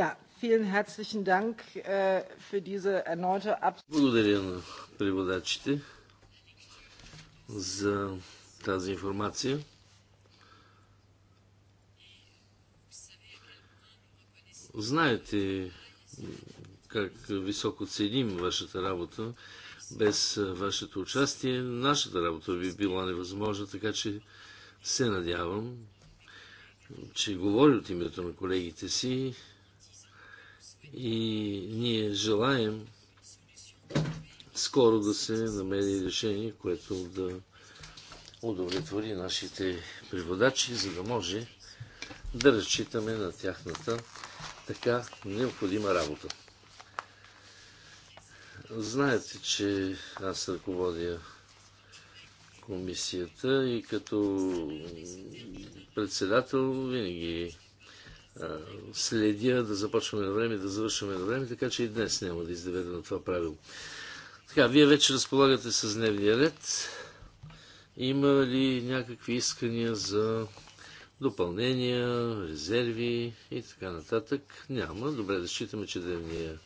Ja, vielen herzlichen Dank äh, für diese erneute Благодаря на преводачите за тази информация. Знаете как високо ценим вашата работа. Без вашето участие нашата работа би била невъзможна, така че се надявам, че говори от името на колегите си и ние желаем скоро да се намери решение, което да удовлетвори нашите преводачи, за да може да разчитаме на тяхната така необходима работа. Знаете, че аз ръководя комисията и като председател винаги следя да започваме на време, да завършваме на време, така че и днес няма да издеведа на това правило. Така, вие вече разполагате с дневния ред. Има ли някакви искания за допълнения, резерви и така нататък? Няма. Добре, да считаме, че дневния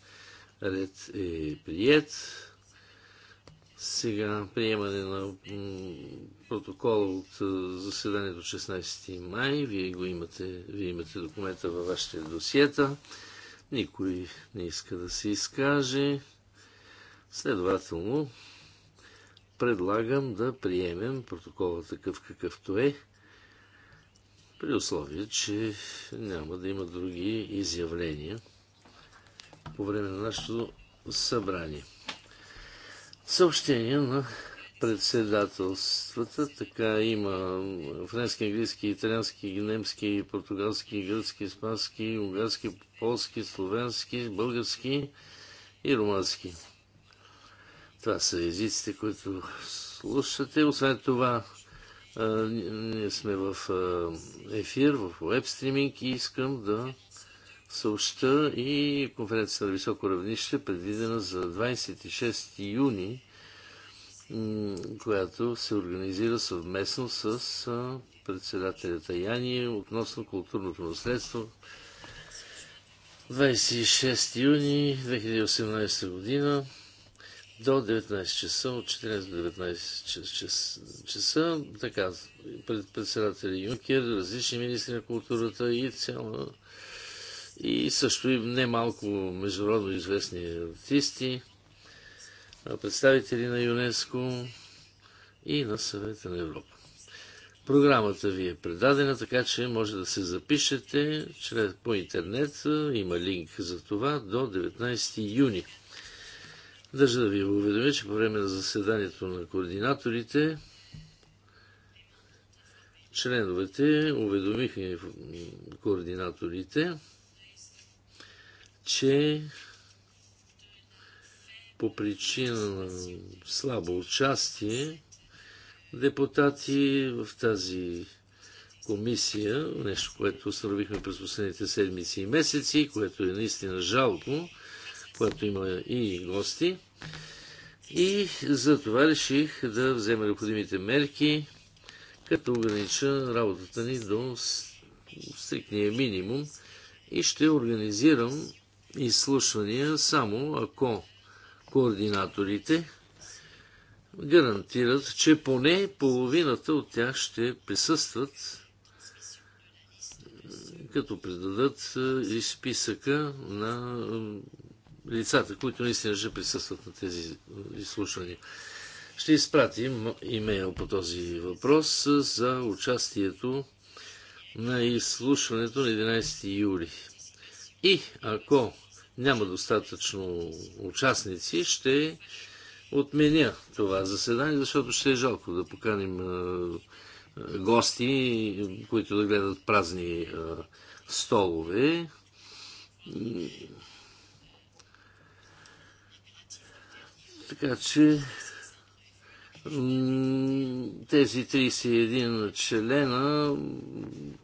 ред е прият. Сега приемане на протокол от заседанието 16 май. Вие го имате, вие имате документа във вашите досиета. Никой не иска да се изкаже. Следователно, предлагам да приемем протокола такъв какъвто е, при условие, че няма да има други изявления по време на нашето събрание. Съобщения на председателствата, така има френски, английски, италиански, немски, португалски, гръцки, испански, унгарски, полски, словенски, български и румански. Това са езиците, които слушате. Освен това, ние сме в ефир, в веб стриминг и искам да съобща и конференцията на високо равнище, предвидена за 26 юни, която се организира съвместно с председателя Таяни относно културното наследство. 26 юни 2018 година до 19 часа, от 14 до 19 часа, така, пред председателя Юнкер, различни министри на културата и цяла и също и немалко международно известни артисти, представители на ЮНЕСКО и на Съвета на Европа. Програмата ви е предадена, така че може да се запишете чрез, по интернет. Има линк за това до 19 юни. Държа да ви уведомя, че по време на заседанието на координаторите членовете уведомиха координаторите че по причина на слабо участие депутати в тази комисия, нещо, което установихме през последните седмици и месеци, което е наистина жалко, което има и гости. И за това реших да взема необходимите мерки, като огранича работата ни до стрикния минимум и ще организирам изслушвания само ако координаторите гарантират, че поне половината от тях ще присъстват като предадат е, изписъка на е, лицата, които наистина ще присъстват на тези е, изслушвания. Ще изпратим имейл по този въпрос за участието на изслушването на 11 юли. И ако няма достатъчно участници, ще отменя това заседание, защото ще е жалко да поканим гости, които да гледат празни столове. Така че тези 31 члена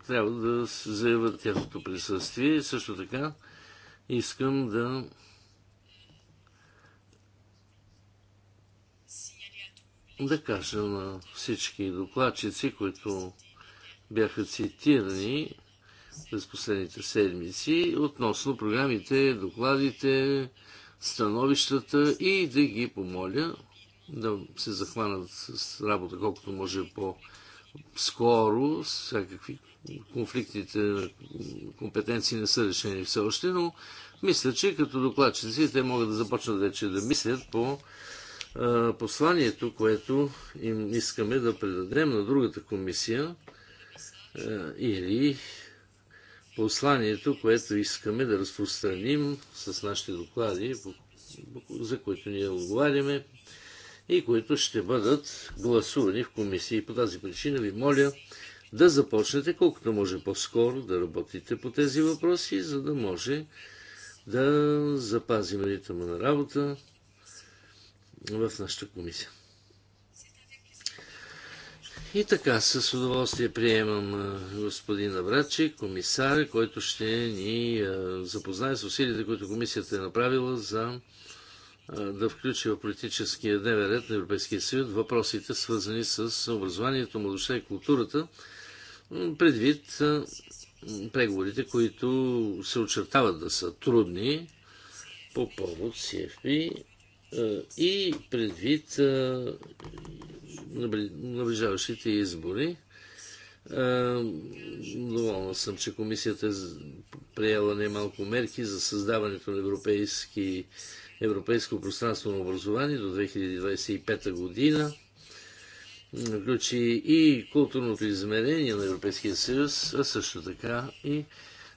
трябва да заявят тяхното присъствие. Също така искам да да кажа на всички докладчици, които бяха цитирани през последните седмици относно програмите, докладите, становищата и да ги помоля да се захванат с работа колкото може по- скоро всякакви конфликтите на компетенции не са решени все още, но мисля, че като докладчици те могат да започнат вече да мислят по посланието, което им искаме да предадем на другата комисия или посланието, което искаме да разпространим с нашите доклади, за които ние отговаряме и които ще бъдат гласувани в комисии. По тази причина ви моля да започнете колкото може по-скоро да работите по тези въпроси, за да може да запазим ритъма на работа в нашата комисия. И така, с удоволствие приемам господин Аврачи, комисар, който ще ни запознае с усилията, които комисията е направила за да включи в политическия дневен ред на Европейския съюз въпросите, свързани с образованието, младоща и културата, предвид преговорите, които се очертават да са трудни по повод CFP и предвид наближаващите избори. Доволна съм, че комисията е приела немалко мерки за създаването на европейски Европейско пространство на образование до 2025 година включи и културното измерение на Европейския съюз, а също така и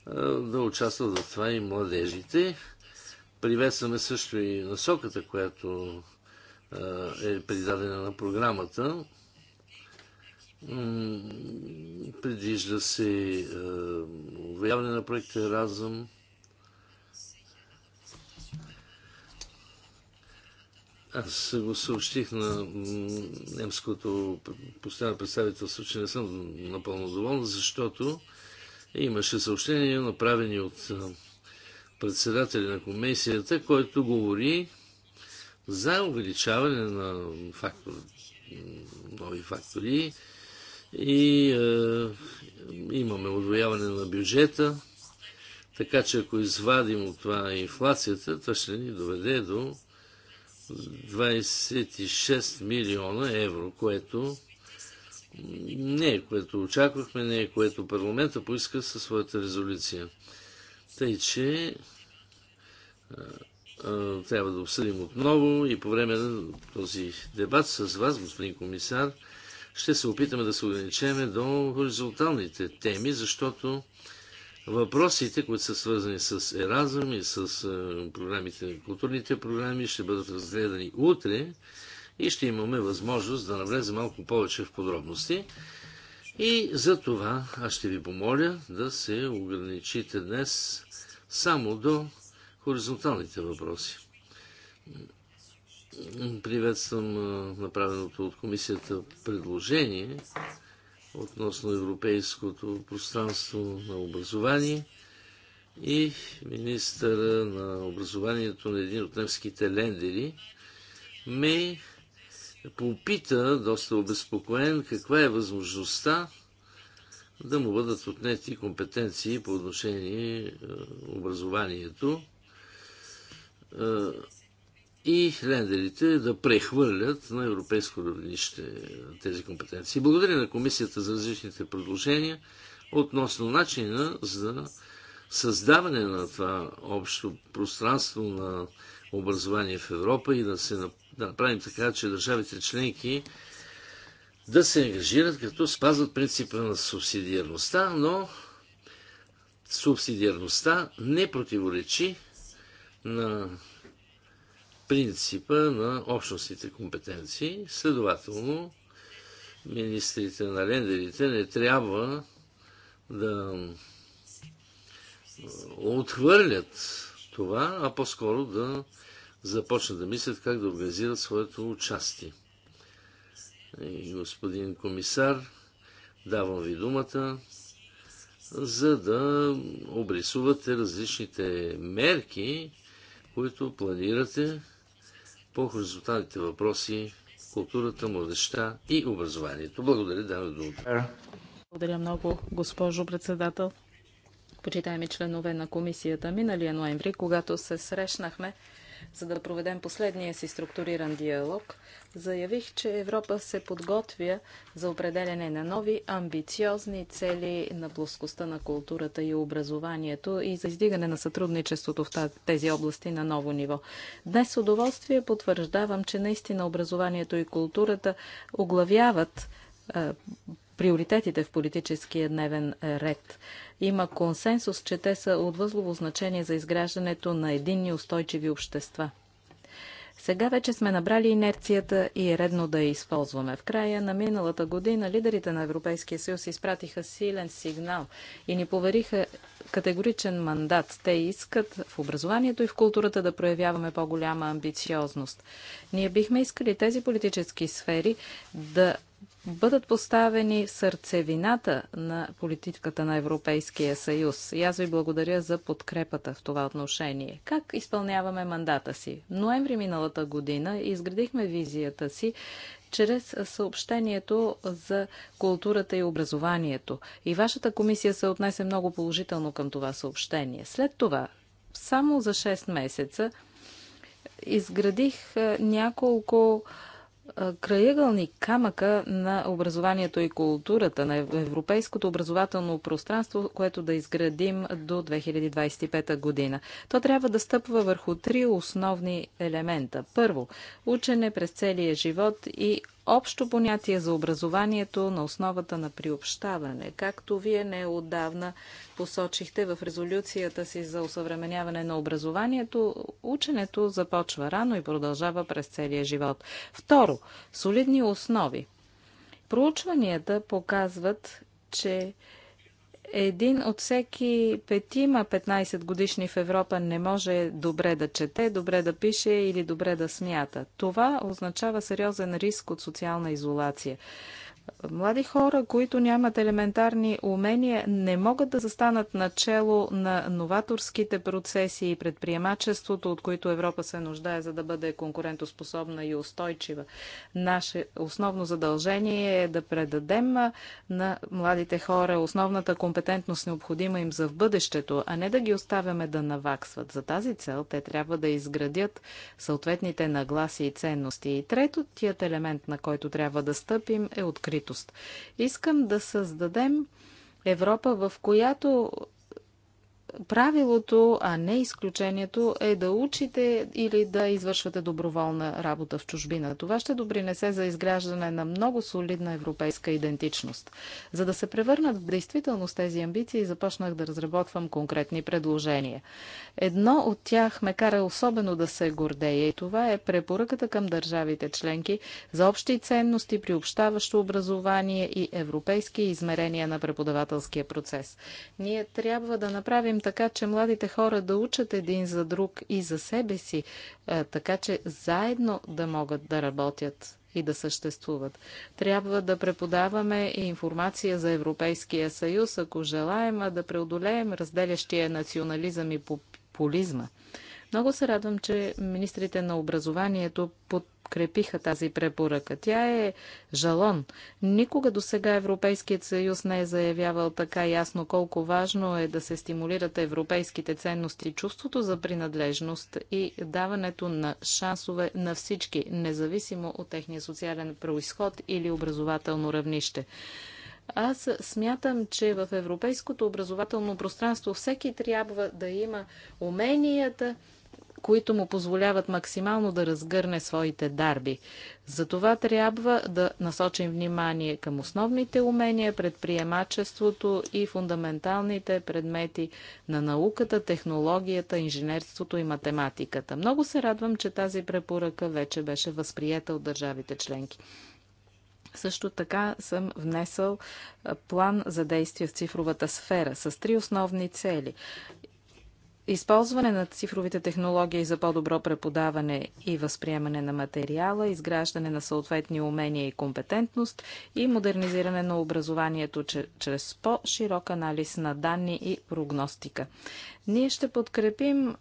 а, да участват в това и младежите. Приветстваме също и насоката, която а, е придадена на програмата. предвижда се обявяване на проекта Разъм Аз го съобщих на немското постоянно представителство, че не съм напълно доволен, защото имаше съобщения, направени от председателя на комисията, който говори за увеличаване на фактор, нови фактори и е, имаме удвояване на бюджета, така че ако извадим от това инфлацията, това ще ни доведе до 26 милиона евро, което не е което очаквахме, не е което парламента поиска със своята резолюция. Тъй, че трябва да обсъдим отново и по време на този дебат с вас, господин комисар, ще се опитаме да се ограничеме до хоризонталните теми, защото Въпросите, които са свързани с Еразъм и с е, програмите, културните програми, ще бъдат разгледани утре и ще имаме възможност да навлезем малко повече в подробности. И за това аз ще ви помоля да се ограничите днес само до хоризонталните въпроси. Приветствам е, направеното от комисията предложение относно европейското пространство на образование и министъра на образованието на един от немските лендери ме попита, доста обезпокоен, каква е възможността да му бъдат отнети компетенции по отношение е, образованието е, и лендерите да прехвърлят на европейско равнище тези компетенции. Благодаря на комисията за различните предложения относно начина за създаване на това общо пространство на образование в Европа и да се направим така, че държавите членки да се ангажират, като спазват принципа на субсидиарността, но субсидиарността не противоречи на принципа на общностните компетенции. Следователно, министрите на лендерите не трябва да е, отхвърлят това, а по-скоро да започнат да мислят как да организират своето участие. И господин комисар, давам ви думата, за да обрисувате различните мерки, които планирате по хоризонталните въпроси, културата, младеща и образованието. Благодаря, Дана Дума. Благодаря много, госпожо председател. Почитаеми членове на комисията, миналия ноември, когато се срещнахме, за да проведем последния си структуриран диалог, заявих, че Европа се подготвя за определене на нови амбициозни цели на плоскостта на културата и образованието и за издигане на сътрудничеството в тези области на ново ниво. Днес с удоволствие потвърждавам, че наистина образованието и културата оглавяват приоритетите в политическия дневен е, ред. Има консенсус, че те са от възлово значение за изграждането на единни устойчиви общества. Сега вече сме набрали инерцията и е редно да я използваме. В края на миналата година лидерите на Европейския съюз изпратиха силен сигнал и ни повериха категоричен мандат. Те искат в образованието и в културата да проявяваме по-голяма амбициозност. Ние бихме искали тези политически сфери да бъдат поставени в сърцевината на политиката на Европейския съюз. И аз ви благодаря за подкрепата в това отношение. Как изпълняваме мандата си? В ноември миналата година изградихме визията си чрез съобщението за културата и образованието. И вашата комисия се отнесе много положително към това съобщение. След това, само за 6 месеца, изградих няколко краъгълник камъка на образованието и културата, на европейското образователно пространство, което да изградим до 2025 година. То трябва да стъпва върху три основни елемента. Първо, учене през целия живот и общо понятие за образованието на основата на приобщаване, както вие неодавна посочихте в резолюцията си за усъвременяване на образованието, ученето започва рано и продължава през целия живот. Второ, солидни основи. Проучванията показват, че един от всеки петима 15 годишни в Европа не може добре да чете, добре да пише или добре да смята. Това означава сериозен риск от социална изолация. Млади хора, които нямат елементарни умения, не могат да застанат начело на новаторските процеси и предприемачеството, от които Европа се нуждае, за да бъде конкурентоспособна и устойчива. Наше основно задължение е да предадем на младите хора основната компетентност, необходима им за в бъдещето, а не да ги оставяме да наваксват. За тази цел те трябва да изградят съответните нагласи и ценности. И тият елемент, на който трябва да стъпим, е откритието откритост. Искам да създадем Европа, в която правилото, а не изключението е да учите или да извършвате доброволна работа в чужбина. Това ще допринесе за изграждане на много солидна европейска идентичност. За да се превърнат в действителност тези амбиции, започнах да разработвам конкретни предложения. Едно от тях ме кара особено да се гордея и това е препоръката към държавите членки за общи ценности, приобщаващо образование и европейски измерения на преподавателския процес. Ние трябва да направим така, че младите хора да учат един за друг и за себе си, е, така че заедно да могат да работят и да съществуват. Трябва да преподаваме и информация за Европейския съюз, ако желаем да преодолеем разделящия национализъм и популизма. Много се радвам, че министрите на образованието подкрепиха тази препоръка. Тя е жалон. Никога до сега Европейският съюз не е заявявал така ясно колко важно е да се стимулират европейските ценности, чувството за принадлежност и даването на шансове на всички, независимо от техния социален происход или образователно равнище. Аз смятам, че в европейското образователно пространство всеки трябва да има уменията, които му позволяват максимално да разгърне своите дарби. Затова трябва да насочим внимание към основните умения, предприемачеството и фундаменталните предмети на науката, технологията, инженерството и математиката. Много се радвам, че тази препоръка вече беше възприета от държавите членки. Също така съм внесъл план за действие в цифровата сфера с три основни цели. Използване на цифровите технологии за по-добро преподаване и възприемане на материала, изграждане на съответни умения и компетентност и модернизиране на образованието чрез по-широк анализ на данни и прогностика. Ние ще подкрепим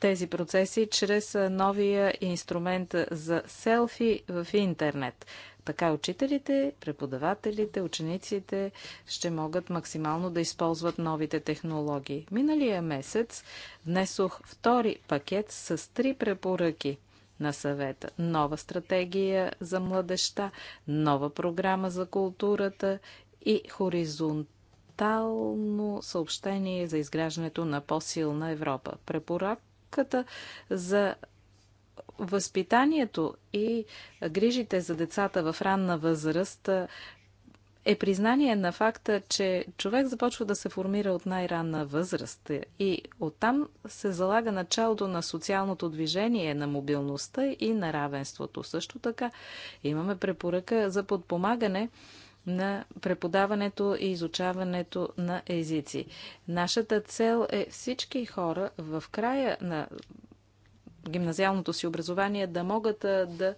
тези процеси чрез новия инструмент за селфи в интернет. Така учителите, преподавателите, учениците ще могат максимално да използват новите технологии. Миналия месец внесох втори пакет с три препоръки на съвета. Нова стратегия за младеща, нова програма за културата и хоризонт съобщение за изграждането на по-силна Европа. Препоръката за Възпитанието и грижите за децата в ранна възраст е признание на факта, че човек започва да се формира от най-ранна възраст и оттам се залага началото на социалното движение, на мобилността и на равенството. Също така имаме препоръка за подпомагане на преподаването и изучаването на езици. Нашата цел е всички хора в края на гимназиалното си образование да могат да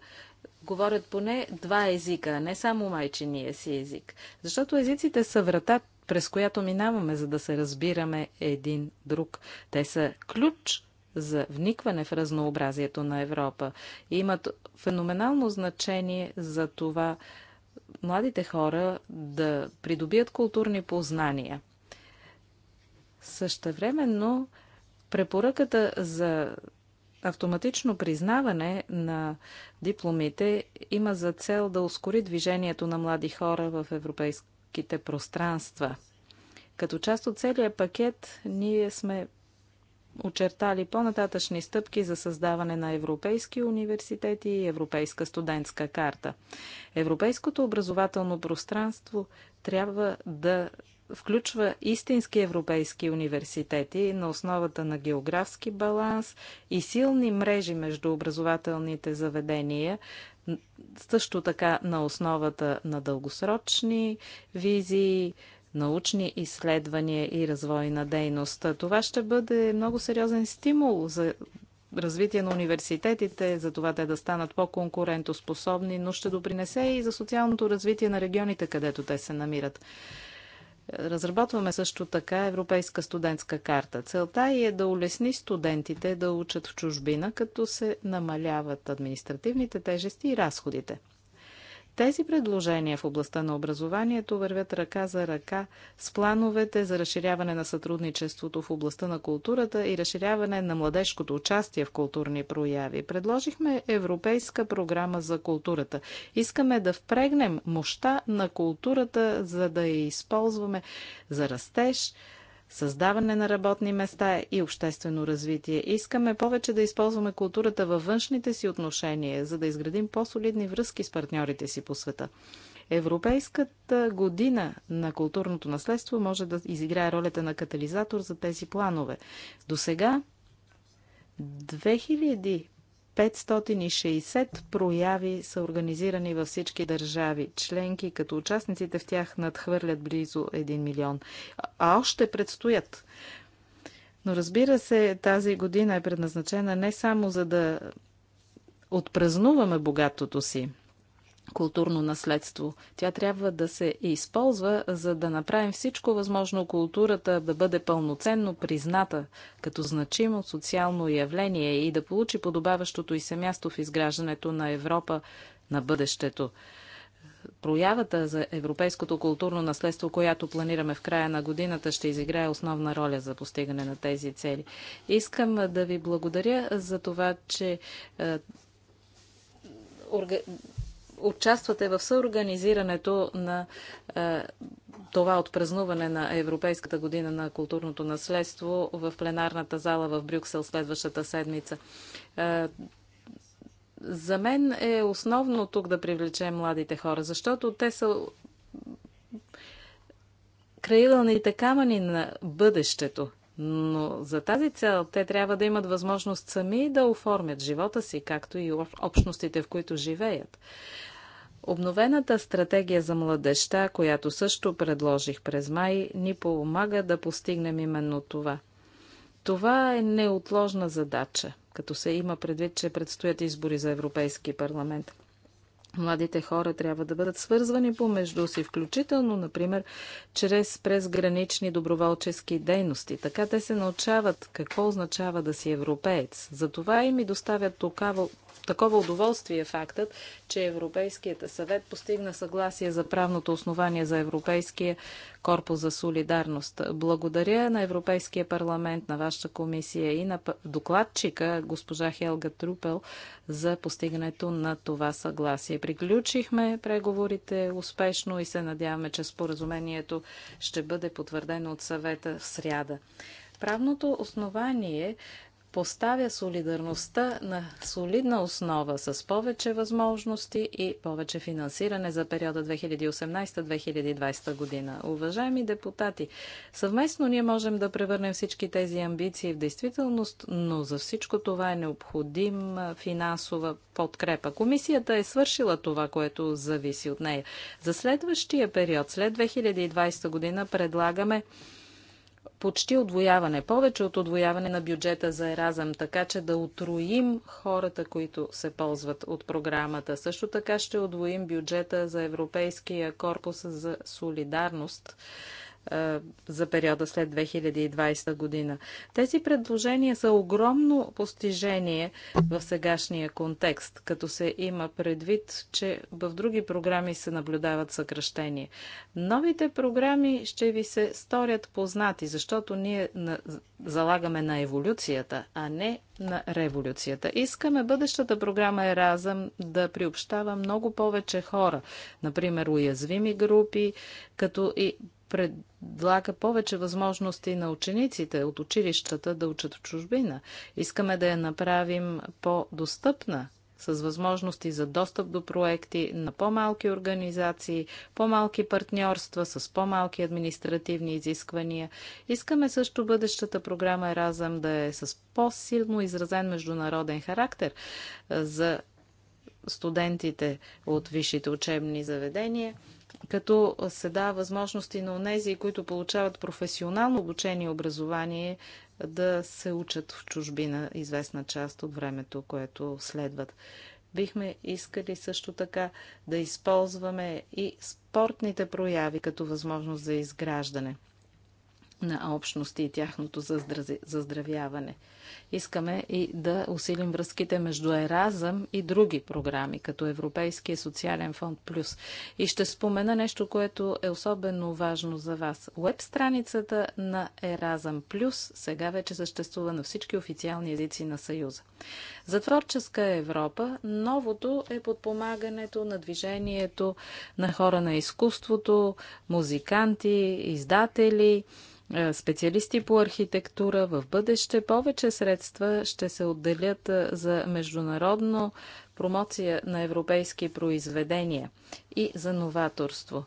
говорят поне два езика, не само майчиния си език. Защото езиците са врата, през която минаваме, за да се разбираме един друг. Те са ключ за вникване в разнообразието на Европа и имат феноменално значение за това младите хора да придобият културни познания. Същевременно препоръката за автоматично признаване на дипломите има за цел да ускори движението на млади хора в европейските пространства. Като част от целия пакет ние сме очертали по-нататъчни стъпки за създаване на европейски университети и европейска студентска карта. Европейското образователно пространство трябва да включва истински европейски университети на основата на географски баланс и силни мрежи между образователните заведения, също така на основата на дългосрочни визии, научни изследвания и развой на дейност. Това ще бъде много сериозен стимул за развитие на университетите, за това те да станат по-конкурентоспособни, но ще допринесе и за социалното развитие на регионите, където те се намират. Разработваме също така Европейска студентска карта. Целта е да улесни студентите да учат в чужбина, като се намаляват административните тежести и разходите. Тези предложения в областта на образованието вървят ръка за ръка с плановете за разширяване на сътрудничеството в областта на културата и разширяване на младежкото участие в културни прояви. Предложихме Европейска програма за културата. Искаме да впрегнем мощта на културата, за да я използваме за растеж, създаване на работни места и обществено развитие. Искаме повече да използваме културата във външните си отношения, за да изградим по-солидни връзки с партньорите си по света. Европейската година на културното наследство може да изиграе ролята на катализатор за тези планове. До сега 2000 560 прояви са организирани във всички държави членки, като участниците в тях надхвърлят близо 1 милион. А още предстоят. Но разбира се, тази година е предназначена не само за да отпразнуваме богатото си, културно наследство. Тя трябва да се използва, за да направим всичко възможно културата да бъде пълноценно призната като значимо социално явление и да получи подобаващото и се място в изграждането на Европа на бъдещето. Проявата за европейското културно наследство, която планираме в края на годината, ще изиграе основна роля за постигане на тези цели. Искам да ви благодаря за това, че е, участвате в съорганизирането на е, това отпразнуване на Европейската година на културното наследство в пленарната зала в Брюксел следващата седмица. Е, за мен е основно тук да привлечем младите хора, защото те са краилните камъни на бъдещето. Но за тази цел те трябва да имат възможност сами да оформят живота си, както и общностите, в които живеят. Обновената стратегия за младеща, която също предложих през май, ни помага да постигнем именно това. Това е неотложна задача, като се има предвид, че предстоят избори за Европейски парламент. Младите хора трябва да бъдат свързвани помежду си, включително, например, чрез презгранични доброволчески дейности. Така те се научават какво означава да си европеец. Затова им и доставят такова удоволствие е фактът, че Европейският съвет постигна съгласие за правното основание за Европейския корпус за солидарност. Благодаря на Европейския парламент, на вашата комисия и на докладчика госпожа Хелга Трупел за постигането на това съгласие. Приключихме преговорите успешно и се надяваме, че споразумението ще бъде потвърдено от съвета в сряда правното основание поставя солидарността на солидна основа с повече възможности и повече финансиране за периода 2018-2020 година. Уважаеми депутати, съвместно ние можем да превърнем всички тези амбиции в действителност, но за всичко това е необходим финансова подкрепа. Комисията е свършила това, което зависи от нея. За следващия период, след 2020 година, предлагаме почти отвояване, повече от отвояване на бюджета за Еразъм, така че да отруим хората, които се ползват от програмата. Също така ще отвоим бюджета за Европейския корпус за солидарност за периода след 2020 година. Тези предложения са огромно постижение в сегашния контекст, като се има предвид, че в други програми се наблюдават съкръщения. Новите програми ще ви се сторят познати, защото ние залагаме на еволюцията, а не на революцията. Искаме бъдещата програма Еразъм да приобщава много повече хора, например уязвими групи, като и предлага повече възможности на учениците от училищата да учат в чужбина. Искаме да я направим по-достъпна с възможности за достъп до проекти на по-малки организации, по-малки партньорства, с по-малки административни изисквания. Искаме също бъдещата програма Еразъм да е с по-силно изразен международен характер за студентите от висшите учебни заведения като се дава възможности на онези, които получават професионално обучение и образование, да се учат в чужбина известна част от времето, което следват. Бихме искали също така да използваме и спортните прояви като възможност за изграждане на общности и тяхното заздравяване. Искаме и да усилим връзките между Еразъм и други програми, като Европейския социален фонд Плюс. И ще спомена нещо, което е особено важно за вас. Веб страницата на Еразъм Плюс сега вече съществува на всички официални езици на Съюза. За творческа Европа новото е подпомагането на движението на хора на изкуството, музиканти, издатели, е, специалисти по архитектура. В бъдеще повече средства ще се отделят е, за международно промоция на европейски произведения и за новаторство.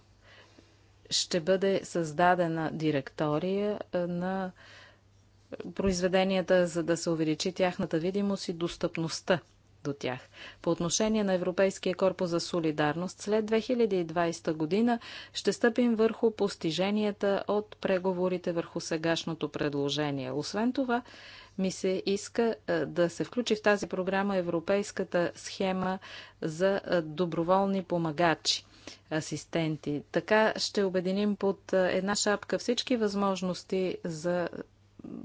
Ще бъде създадена директория е, на произведенията, за да се увеличи тяхната видимост и достъпността до тях. По отношение на Европейския корпус за солидарност, след 2020 година ще стъпим върху постиженията от преговорите върху сегашното предложение. Освен това, ми се иска е, да се включи в тази програма европейската схема за е, доброволни помагачи асистенти. Така ще обединим под е, една шапка всички възможности за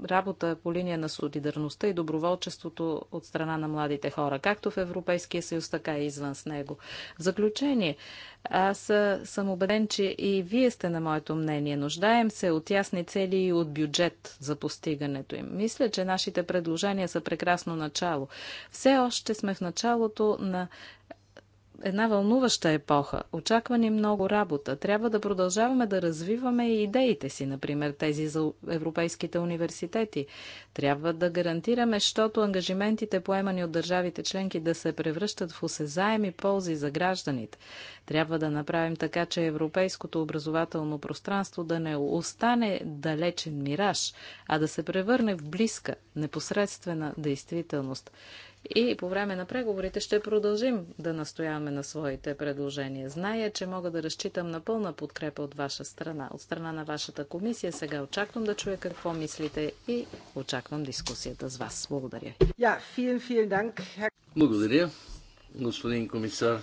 работа по линия на солидарността и доброволчеството от страна на младите хора, както в Европейския съюз, така и извън с него. В заключение, аз съм убеден, че и вие сте на моето мнение. Нуждаем се от ясни цели и от бюджет за постигането им. Мисля, че нашите предложения са прекрасно начало. Все още сме в началото на една вълнуваща епоха. Очаква ни много работа. Трябва да продължаваме да развиваме и идеите си, например тези за европейските университети. Трябва да гарантираме, защото ангажиментите поемани от държавите членки да се превръщат в осезаеми ползи за гражданите. Трябва да направим така, че европейското образователно пространство да не остане далечен мираж, а да се превърне в близка, непосредствена действителност. И по време на преговорите ще продължим да настояваме на своите предложения. Зная, че мога да разчитам на пълна подкрепа от ваша страна, от страна на вашата комисия. Сега очаквам да чуя какво мислите и очаквам дискусията с вас. Благодаря. Благодаря, господин комисар.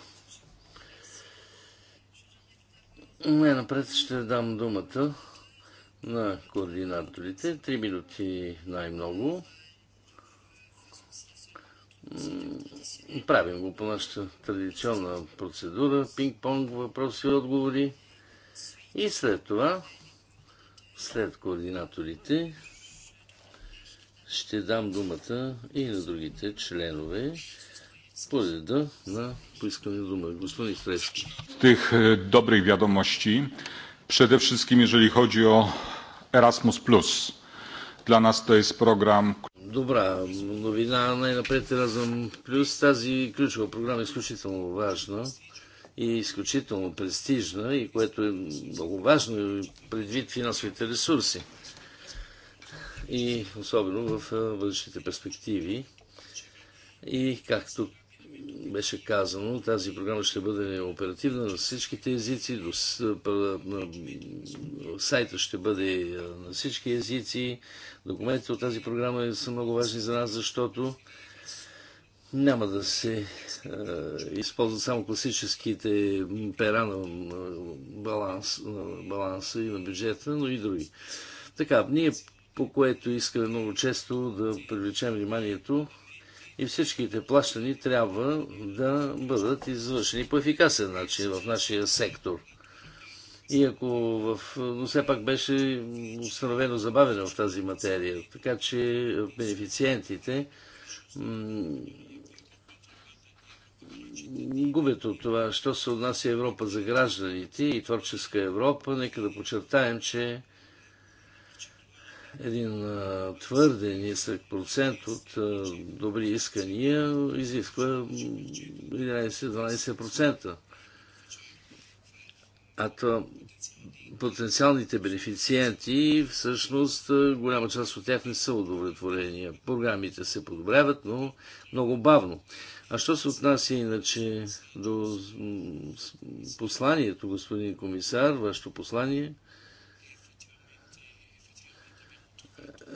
Най-напред ще дам думата на координаторите. Три минути най-много. Правим го по нашата традиционна процедура. Пинг-понг, въпроси и отговори. И след това, след координаторите, ще дам думата и на другите членове по реда на поискане дума. Господин Стрецки. Тих е, добрих вядомощи, преди всички, ежели ходи о Erasmus+. Для нас to jest програм. Добра новина. Най-напред Еразъм Плюс. Тази ключова програма е изключително важна и изключително престижна и което е много важно предвид финансовите ресурси. И особено в бъдещите перспективи. И както беше казано, тази програма ще бъде оперативна на всичките езици, до сайта ще бъде на всички езици. Документите от тази програма са много важни за нас, защото няма да се е, използват само класическите пера на, баланс, на баланса и на бюджета, но и други. Така, ние по което искаме много често да привлечем вниманието и всичките плащани трябва да бъдат извършени по ефикасен начин в нашия сектор. И ако в... Но все пак беше установено забавено в тази материя. Така че бенефициентите губят от това, що се отнася Европа за гражданите и творческа Европа. Нека да подчертаем, че един твърде нисък процент от добри искания изисква 11-12%. А то потенциалните бенефициенти, всъщност голяма част от тях не са удовлетворени. Програмите се подобряват, но много бавно. А що се отнася иначе до посланието, господин комисар, вашето послание –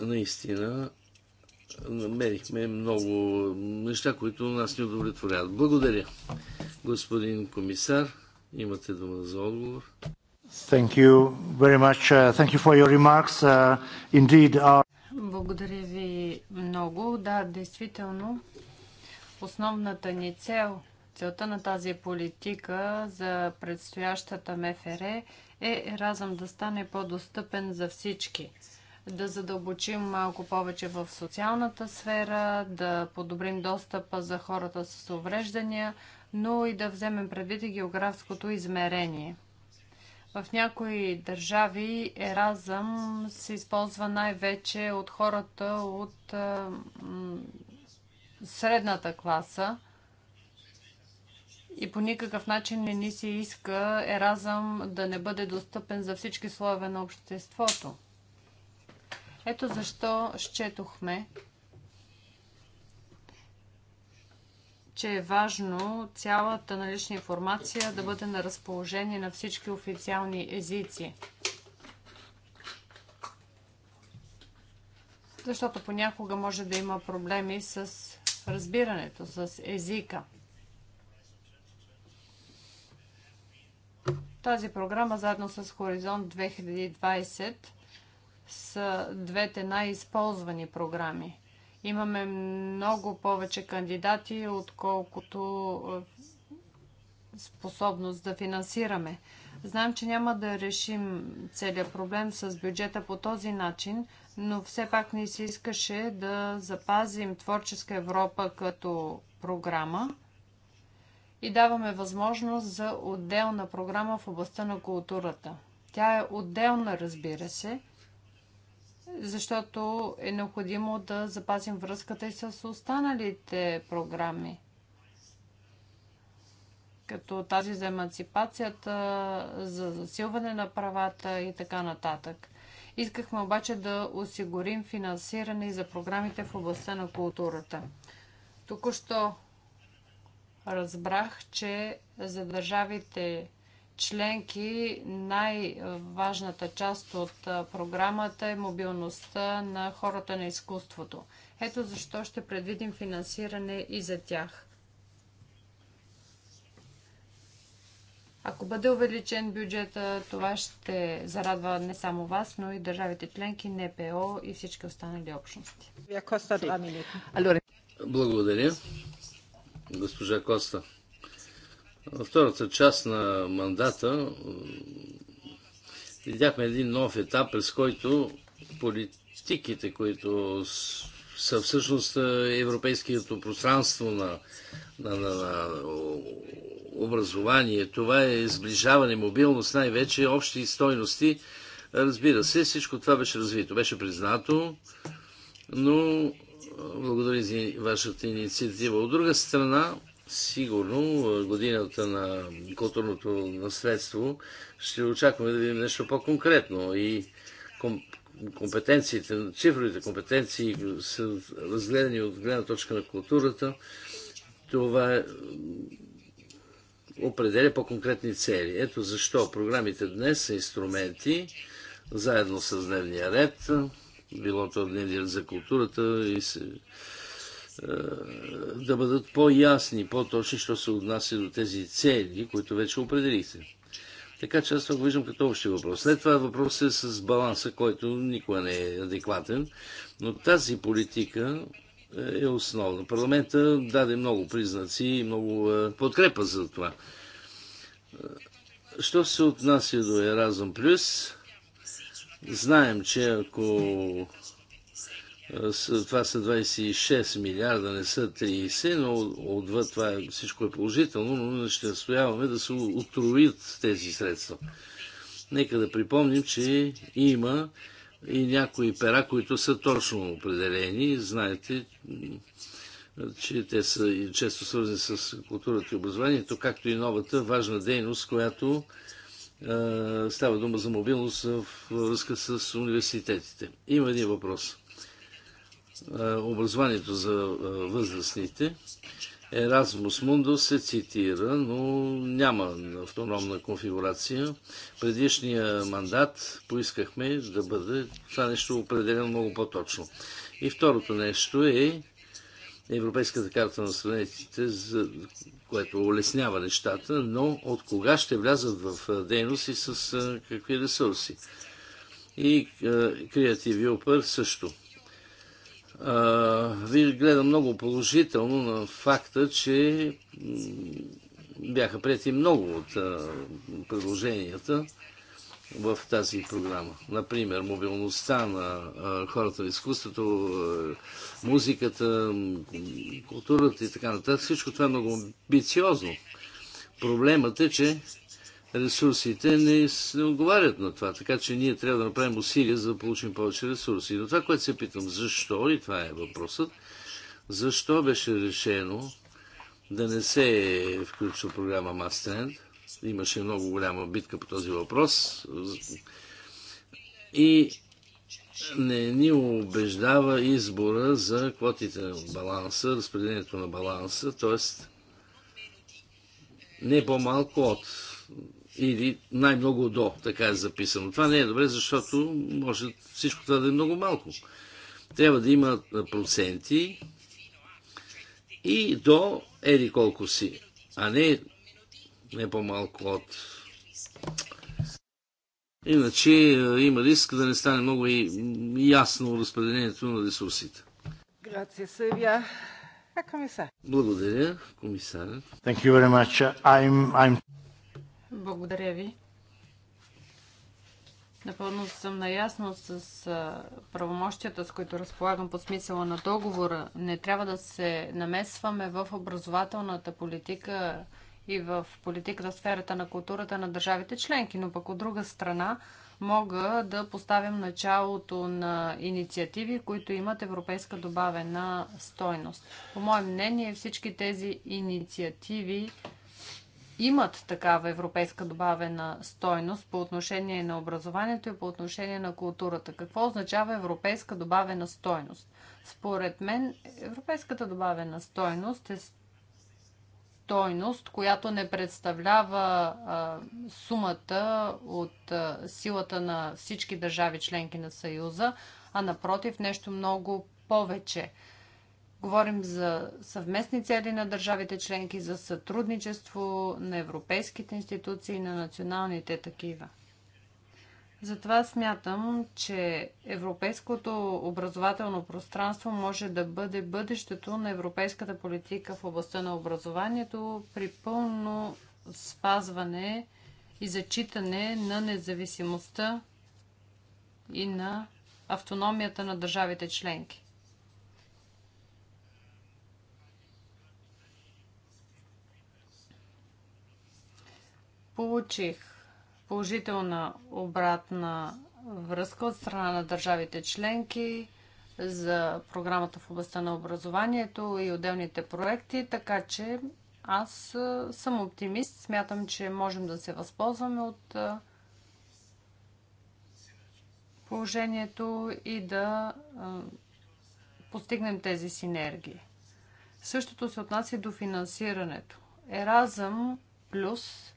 наистина намерихме много неща, които нас не удовлетворяват. Благодаря. Господин комисар, имате дума за отговор. Thank you very much. Uh, thank you for your remarks. Uh, indeed, our... Uh, Благодаря ви много. Да, действително, основната ни цел, целта на тази политика за предстоящата МФР е разъм да стане по-достъпен за всички – да задълбочим малко повече в социалната сфера, да подобрим достъпа за хората с увреждания, но и да вземем предвид и географското измерение. В някои държави еразъм се използва най-вече от хората от средната класа и по никакъв начин не ни се иска еразъм да не бъде достъпен за всички слоеве на обществото. Ето защо счетохме, че е важно цялата налична информация да бъде на разположение на всички официални езици. Защото понякога може да има проблеми с разбирането, с езика. Тази програма заедно с Хоризонт 2020 са двете най-използвани програми. Имаме много повече кандидати, отколкото е, способност да финансираме. Знам, че няма да решим целият проблем с бюджета по този начин, но все пак ни се искаше да запазим Творческа Европа като програма и даваме възможност за отделна програма в областта на културата. Тя е отделна, разбира се, защото е необходимо да запазим връзката и с останалите програми като тази за емансипацията, за засилване на правата и така нататък. Искахме обаче да осигурим финансиране и за програмите в областта на културата. Току-що разбрах, че за държавите членки най-важната част от програмата е мобилността на хората на изкуството. Ето защо ще предвидим финансиране и за тях. Ако бъде увеличен бюджета, това ще зарадва не само вас, но и държавите членки, НПО и всички останали общности. Благодаря. Госпожа Коста втората част на мандата видяхме един нов етап, през който политиките, които са всъщност е, европейското пространство на, на, на, на образование, това е сближаване, мобилност, най-вече общи стойности. Разбира се, всичко това беше развито, беше признато, но благодаря за вашата инициатива. От друга страна, Сигурно годината на културното наследство ще очакваме да видим нещо по-конкретно и ком компетенциите, цифровите компетенции са разгледани от гледна точка на културата. Това е определя по-конкретни цели. Ето защо програмите днес са инструменти, заедно с дневния ред, било то дневния ред за културата и е, да бъдат по-ясни, по-точни, що се отнася до тези цели, които вече определихте. Така че аз това го виждам като общи въпрос. След това въпрос е с баланса, който никога не е адекватен, но тази политика е основна. Парламента даде много признаци и много е, подкрепа за това. Е, що се отнася до Еразъм Плюс, знаем, че ако това са 26 милиарда, не са 30, но отвъд това всичко е положително, но ще настояваме да се отруят тези средства. Нека да припомним, че има и някои пера, които са точно определени. Знаете, че те са често свързани с културата и образованието, както и новата важна дейност, която е, става дума за мобилност в връзка с университетите. Има един въпрос. Е, образованието за е, възрастните. Еразмус Мундо се цитира, но няма автономна конфигурация. Предишния мандат поискахме да бъде това нещо определено много по-точно. И второто нещо е Европейската карта на страниците, за което улеснява нещата, но от кога ще влязат в е, дейност и с какви ресурси. И Creative Upper също. Вир гледам много положително на факта, че бяха прети много от предложенията в тази програма. Например, мобилността на хората в изкуството, музиката, културата и така нататък. Всичко това е много амбициозно. Проблемът е, че ресурсите не, не отговарят на това. Така че ние трябва да направим усилия за да получим повече ресурси. Но това, което се питам, защо, и това е въпросът, защо беше решено да не се включва програма Мастренд? Имаше много голяма битка по този въпрос. И не ни убеждава избора за квотите на баланса, разпределението на баланса, т.е. не по-малко от или най-много до, така е записано. Това не е добре, защото може всичко това да е много малко. Трябва да има проценти и до еди колко си, а не, не по-малко от. Иначе е, има риск да не стане много и ясно разпределението на ресурсите. Грация, Сърбия. Е, Благодаря, комисар. Thank you very much. I'm, I'm... Благодаря ви. Напълно съм наясно с правомощията, с които разполагам по смисъла на договора. Не трябва да се намесваме в образователната политика и в политиката в сферата на културата на държавите членки, но пък от друга страна мога да поставям началото на инициативи, които имат европейска добавена стойност. По мое мнение всички тези инициативи имат такава европейска добавена стойност по отношение на образованието и по отношение на културата. Какво означава европейска добавена стойност? Според мен, европейската добавена стойност е стойност, която не представлява а, сумата от а, силата на всички държави членки на Съюза, а напротив нещо много повече – Говорим за съвместни цели на държавите членки, за сътрудничество на европейските институции и на националните такива. Затова смятам, че европейското образователно пространство може да бъде бъдещето на европейската политика в областта на образованието при пълно спазване и зачитане на независимостта и на автономията на държавите членки. Получих положителна обратна връзка от страна на държавите членки за програмата в областта на образованието и отделните проекти, така че аз съм оптимист. Смятам, че можем да се възползваме от положението и да постигнем тези синергии. Същото се отнася и до финансирането. Еразъм плюс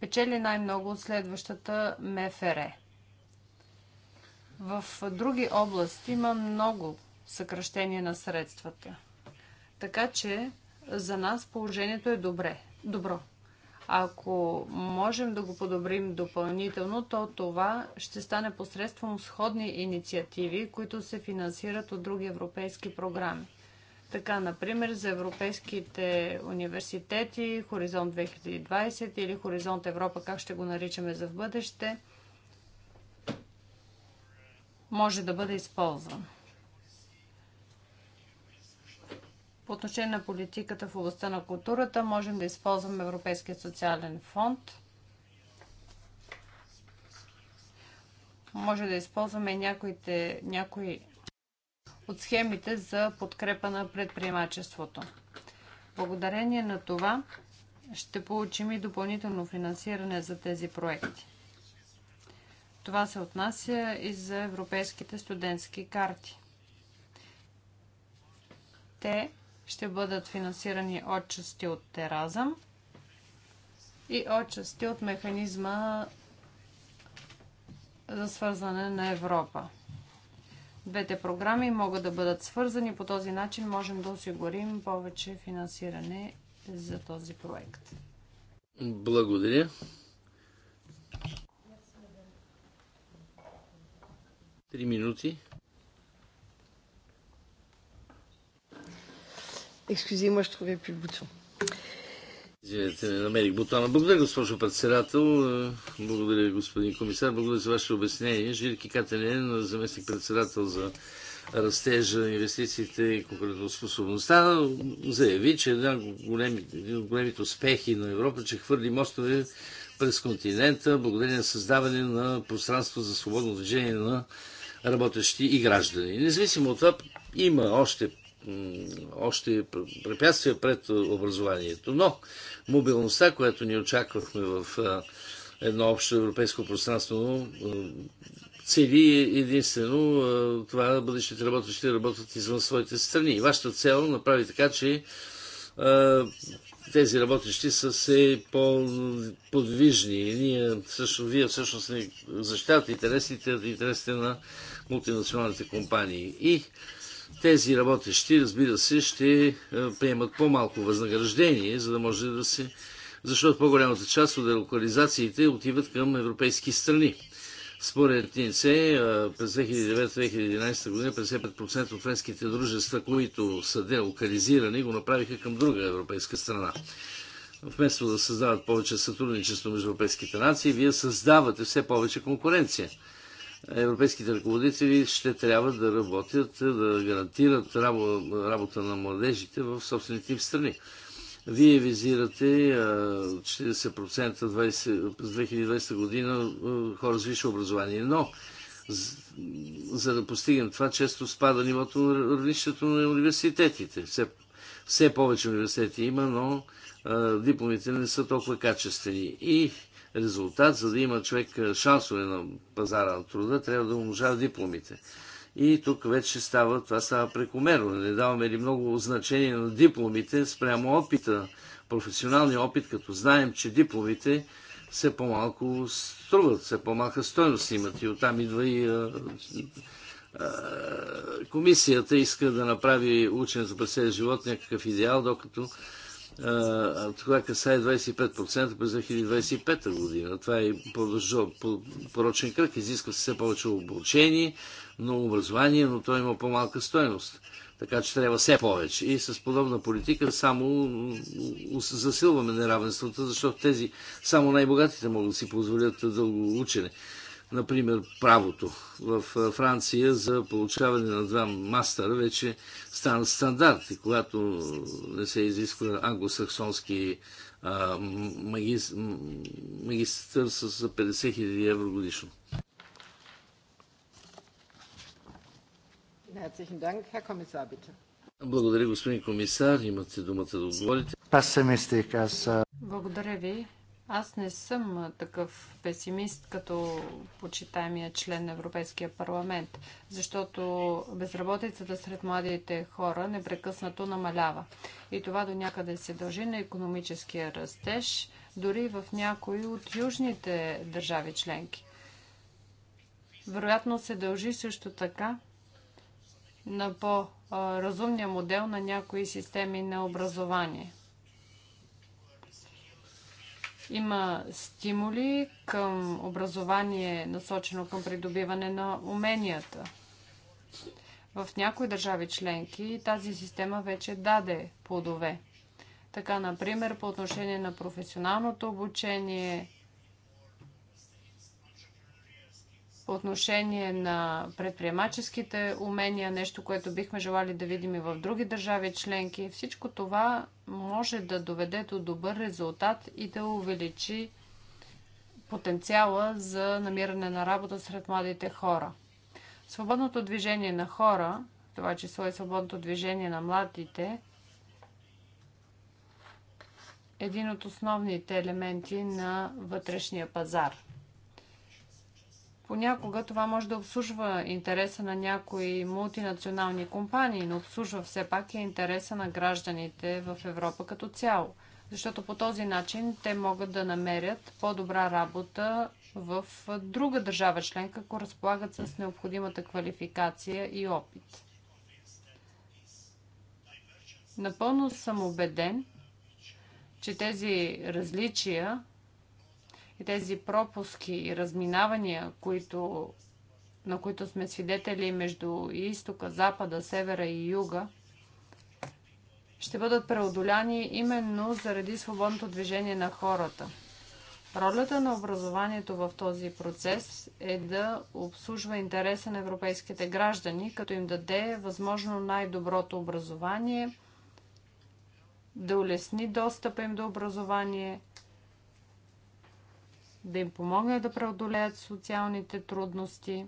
печели най-много от следващата МФР. В други области има много съкръщение на средствата. Така че за нас положението е добре, добро. Ако можем да го подобрим допълнително, то това ще стане посредством сходни инициативи, които се финансират от други европейски програми. Така, например, за европейските университети, Хоризонт 2020 или Хоризонт Европа, как ще го наричаме за в бъдеще, може да бъде използван. По отношение на политиката в областта на културата, можем да използваме Европейския социален фонд. Може да използваме някои от схемите за подкрепа на предприемачеството. Благодарение на това ще получим и допълнително финансиране за тези проекти. Това се отнася и за европейските студентски карти. Те ще бъдат финансирани отчасти от Теразъм и отчасти от механизма за свързване на Европа. Двете програми могат да бъдат свързани. По този начин можем да осигурим повече финансиране за този проект. Благодаря. Три минути. Excusez-moi, je trouvais plus le bouton. Извинете, не намерих бутона. Благодаря, госпожо председател. Благодаря, господин комисар. Благодаря за ваше обяснение. Жирки Катенен, заместник председател за растежа, инвестициите и конкурентоспособността, заяви, че една големи, един от големите успехи на Европа, че хвърли мостове през континента, благодарение на създаване на пространство за свободно движение на работещи и граждани. Независимо от това, има още още препятствия пред образованието. Но мобилността, която ни очаквахме в едно общо европейско пространство, цели единствено това бъдещите работещи да работят извън своите страни. И вашата цел направи така, че тези работещи са се по-подвижни. Ние, също, вие всъщност не защитавате интересите, интересите на мултинационалните компании. И тези работещи, разбира се, ще е, приемат по-малко възнаграждение, за да може да се... Защото по-голямата част от локализациите отиват към европейски страни. Според ИНСЕ, през 2009-2011 година 55% от френските дружества, които са делокализирани, го направиха към друга европейска страна. Вместо да създават повече сътрудничество между европейските нации, вие създавате все повече конкуренция европейските ръководители ще трябва да работят, да гарантират работа на младежите в собствените им страни. Вие визирате 40% 20, през 2020 година хора с висше образование, но за да постигнем това, често спада нивото на равнището на университетите. Все, все повече университети има, но дипломите не са толкова качествени. И резултат, за да има човек е, шансове на пазара на труда, трябва да умножава дипломите. И тук вече става, това става прекомерно. Не даваме ли много значение на дипломите спрямо опита, професионалния опит, като знаем, че дипломите все по-малко струват, все по-малка стоеност имат и оттам идва и а, е, а, е, комисията иска да направи учен за през живот някакъв идеал, докато това касае 25% през 2025 година. Това е порочен кръг, изисква се все повече обучение, много образование, но то има по-малка стоеност. Така че трябва все повече. И с подобна политика само засилваме неравенствата, защото тези само най-богатите могат да си позволят дълго учене. Например, правото. В Франция за получаване на два мастера вече стана стандарт. И когато не се изисква англосаксонски магис... магистър с 50 000 евро годишно. Благодаря, господин комисар. Имате думата да отговорите. Благодаря ви. Аз не съм такъв песимист като почитаемия член на Европейския парламент, защото безработицата сред младите хора непрекъснато намалява. И това до някъде се дължи на економическия растеж, дори в някои от южните държави членки. Вероятно се дължи също така на по-разумния модел на някои системи на образование. Има стимули към образование, насочено към придобиване на уменията. В някои държави членки тази система вече даде плодове. Така, например, по отношение на професионалното обучение, по отношение на предприемаческите умения, нещо, което бихме желали да видим и в други държави членки. Всичко това може да доведе до добър резултат и да увеличи потенциала за намиране на работа сред младите хора. Свободното движение на хора, това число е свободното движение на младите, един от основните елементи на вътрешния пазар. Понякога това може да обслужва интереса на някои мултинационални компании, но обслужва все пак и интереса на гражданите в Европа като цяло. Защото по този начин те могат да намерят по-добра работа в друга държава членка, ако разполагат с необходимата квалификация и опит. Напълно съм убеден, че тези различия и тези пропуски и разминавания, които, на които сме свидетели между изтока, запада, севера и юга, ще бъдат преодоляни именно заради свободното движение на хората. Ролята на образованието в този процес е да обслужва интереса на европейските граждани, като им даде възможно най-доброто образование, да улесни достъпа им до образование – да им помогне да преодолеят социалните трудности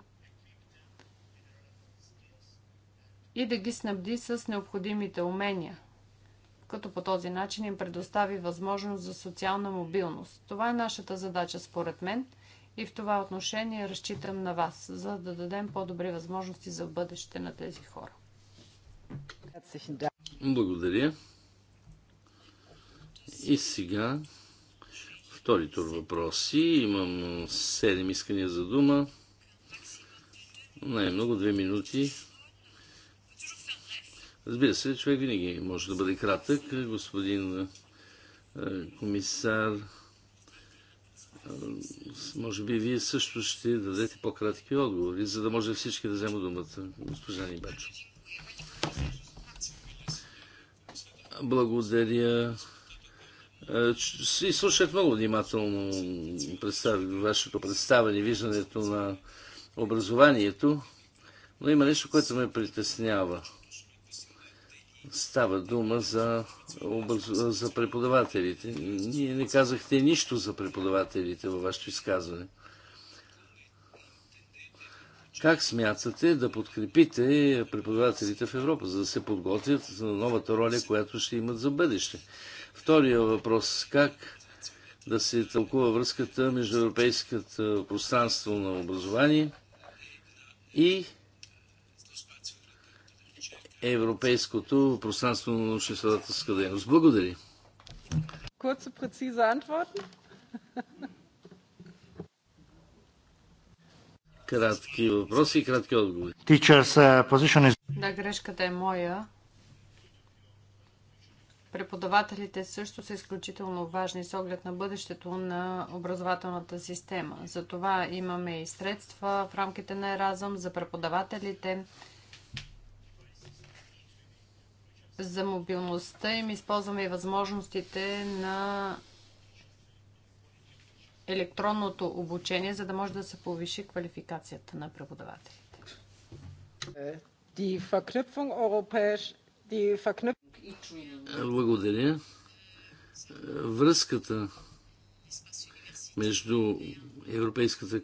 и да ги снабди с необходимите умения, като по този начин им предостави възможност за социална мобилност. Това е нашата задача според мен и в това отношение разчитам на вас, за да дадем по-добри възможности за бъдеще на тези хора. Благодаря. И сега Втори тур въпроси. Имам 7 искания за дума. Най-много две минути. Разбира се, човек винаги може да бъде кратък. Господин е, комисар, е, може би вие също ще дадете по-кратки отговори, за да може всички да вземат думата. Госпожа Нибачо. Благодаря е, и слушах много внимателно вашето представяне, виждането на образованието, но има нещо, което ме притеснява. Става дума за, за преподавателите. Ние не казахте нищо за преподавателите във вашето изказване. Как смятате да подкрепите преподавателите в Европа, за да се подготвят за новата роля, която ще имат за бъдеще? Втория въпрос. Как да се тълкува връзката между европейското пространство на образование и европейското пространство на научно-изследователска дейност. Благодаря. Kurze, präzise Antworten. Кратки въпроси и кратки отговори. Teacher's uh, position is... Да, грешката е моя. Преподавателите също са изключително важни с оглед на бъдещето на образователната система. Затова имаме и средства в рамките на Еразъм за преподавателите, за мобилността им. Използваме и възможностите на електронното обучение, за да може да се повиши квалификацията на преподавателите. Die Verknüpfung europäisch благодаря. Връзката между Европейската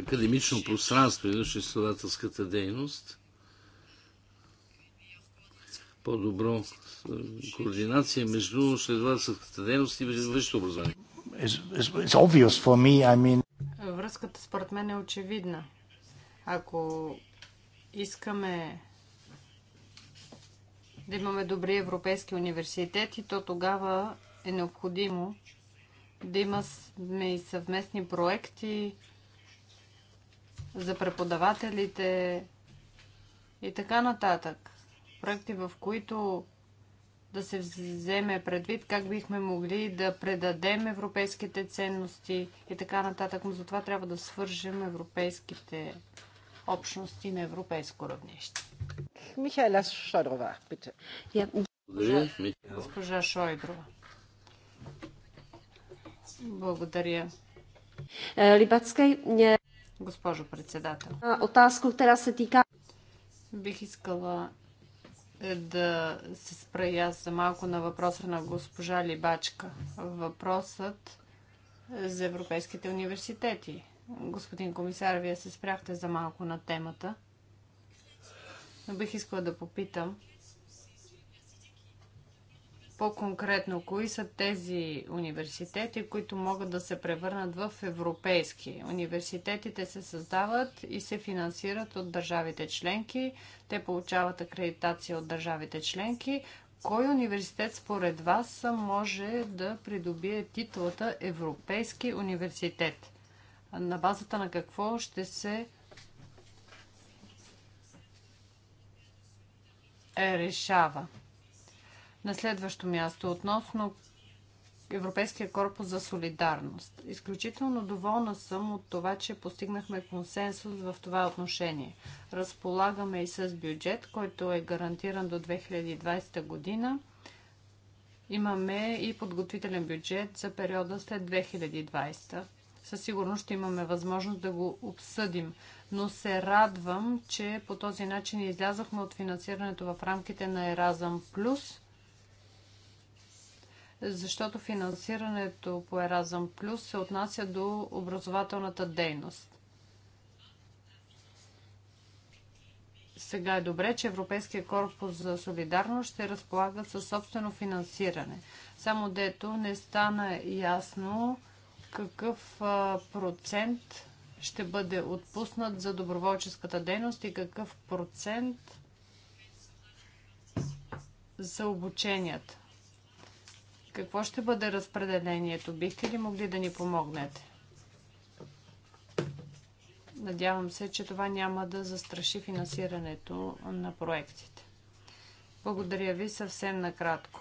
академично пространство и научно-изследователската дейност, по-добро е, координация между изследователската дейност и висшето образование. Връзката според мен е очевидна. Ако искаме да имаме добри европейски университети, то тогава е необходимо да имаме и съвместни проекти за преподавателите и така нататък. Проекти, в които да се вземе предвид как бихме могли да предадем европейските ценности и така нататък. Но затова трябва да свържем европейските общности на европейско равнище. Михайла Шойдрова, пите. Госпожа Шойдрова. Благодаря. Е, Либацкай, е, госпожо председател. Отазко, která се тика. Бих искала е, да се спра и аз за малко на въпроса на госпожа Либачка. Въпросът за европейските университети. Господин комисар, вие се спряхте за малко на темата, но бих искала да попитам по-конкретно, кои са тези университети, които могат да се превърнат в европейски? Университетите се създават и се финансират от държавите членки. Те получават акредитация от държавите членки. Кой университет според вас може да придобие титлата Европейски университет? на базата на какво ще се е решава. На следващо място, относно Европейския корпус за солидарност. Изключително доволна съм от това, че постигнахме консенсус в това отношение. Разполагаме и с бюджет, който е гарантиран до 2020 година. Имаме и подготвителен бюджет за периода след 2020 със сигурност ще имаме възможност да го обсъдим. Но се радвам, че по този начин излязохме от финансирането в рамките на Еразъм Плюс, защото финансирането по Еразъм Плюс се отнася до образователната дейност. сега е добре, че Европейския корпус за солидарност ще разполага със собствено финансиране. Само дето не стана ясно какъв процент ще бъде отпуснат за доброволческата дейност и какъв процент за обученията? Какво ще бъде разпределението? Бихте ли могли да ни помогнете? Надявам се, че това няма да застраши финансирането на проектите. Благодаря ви съвсем накратко.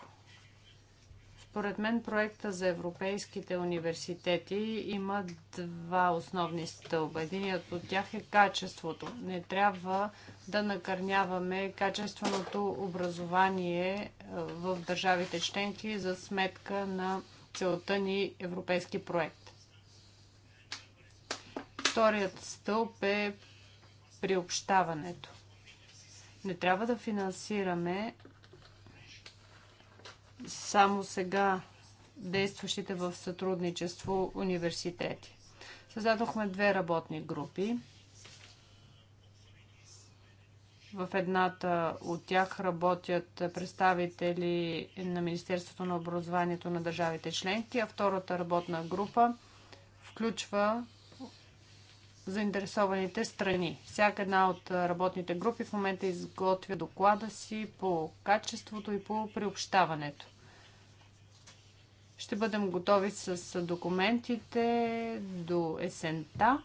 Според мен проекта за европейските университети има два основни стълба. Единият от тях е качеството. Не трябва да накърняваме качественото образование е, в държавите членки за сметка на целта ни европейски проект. Вторият стълб е приобщаването. Не трябва да финансираме само сега действащите в сътрудничество университети. Създадохме две работни групи. В едната от тях работят представители на Министерството на образованието на държавите членки, а втората работна група включва заинтересованите страни. Всяка една от работните групи в момента изготвя доклада си по качеството и по приобщаването. Ще бъдем готови с документите до есента,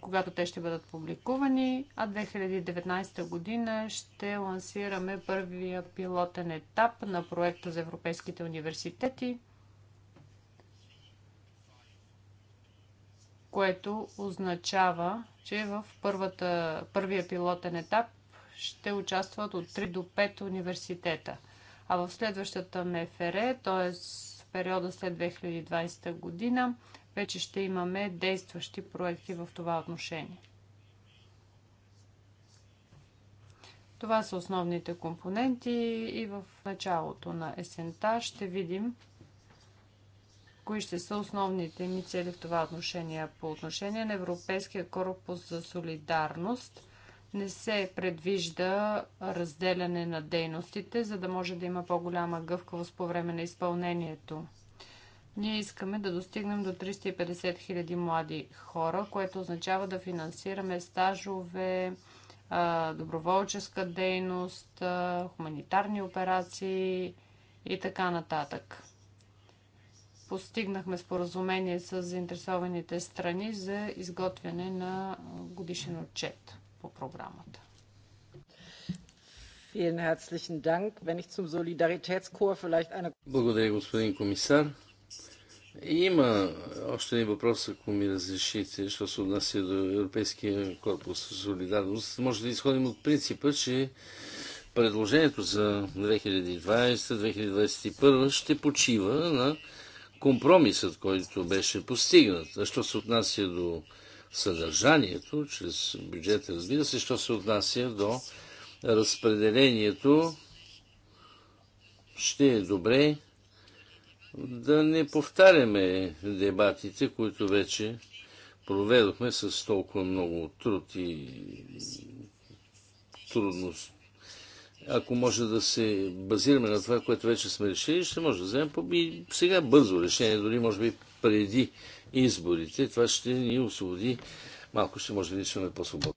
когато те ще бъдат публикувани, а 2019 година ще лансираме първия пилотен етап на проекта за европейските университети, което означава, че в първата, първия пилотен етап ще участват от 3 до 5 университета – а в следващата МФР, т.е. в периода след 2020 година, вече ще имаме действащи проекти в това отношение. Това са основните компоненти и в началото на есента ще видим кои ще са основните ни цели в това отношение. По отношение на Европейския корпус за солидарност – не се предвижда разделяне на дейностите, за да може да има по-голяма гъвкавост по време на изпълнението. Ние искаме да достигнем до 350 000 млади хора, което означава да финансираме стажове, доброволческа дейност, хуманитарни операции и така нататък. Постигнахме споразумение с заинтересованите страни за изготвяне на годишен отчет по програмата. Благодаря, господин комисар. Има още един въпрос, ако ми разрешите, що се отнася до Европейския корпус за солидарност. Може да изходим от принципа, че предложението за 2020-2021 ще почива на компромисът, който беше постигнат. А що се отнася до съдържанието, чрез бюджета, разбира се, що се отнася до разпределението, ще е добре да не повтаряме дебатите, които вече проведохме с толкова много труд и трудност. Ако може да се базираме на това, което вече сме решили, ще може да вземем по- и сега бързо решение, дори може би преди изборите. Това ще ни освободи. Малко ще може да ни сме по свободни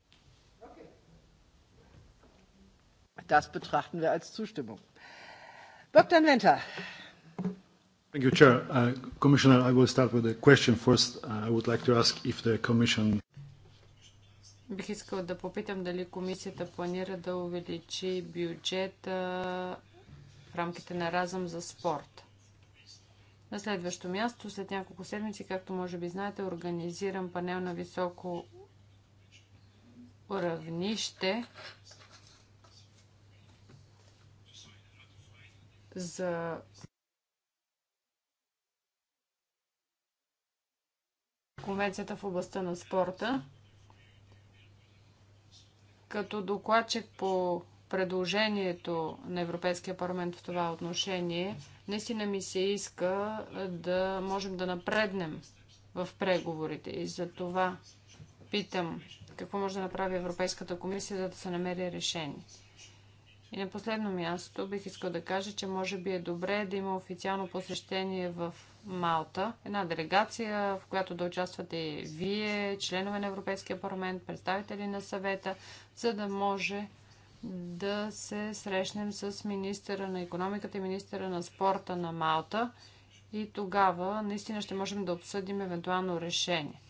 Das betrachten wir als Zustimmung. Bogdan Wenter. Thank you, Chair. Uh, Commissioner, I will start with a question first. Uh, I would like to ask if the Commission... Бих искал да попитам дали комисията планира да увеличи бюджета в рамките на разъм за спорт. На следващо място, след няколко седмици, както може би знаете, организирам панел на високо равнище за конвенцията в областта на спорта. Като докладчик по предложението на Европейския парламент в това отношение, Наистина ми се иска да можем да напреднем в преговорите и за това питам какво може да направи Европейската комисия, за да се намери решение. И на последно място бих искал да кажа, че може би е добре да има официално посещение в Малта, една делегация, в която да участвате вие, членове на Европейския парламент, представители на съвета, за да може да се срещнем с министъра на економиката и министъра на спорта на Малта и тогава наистина ще можем да обсъдим евентуално решение.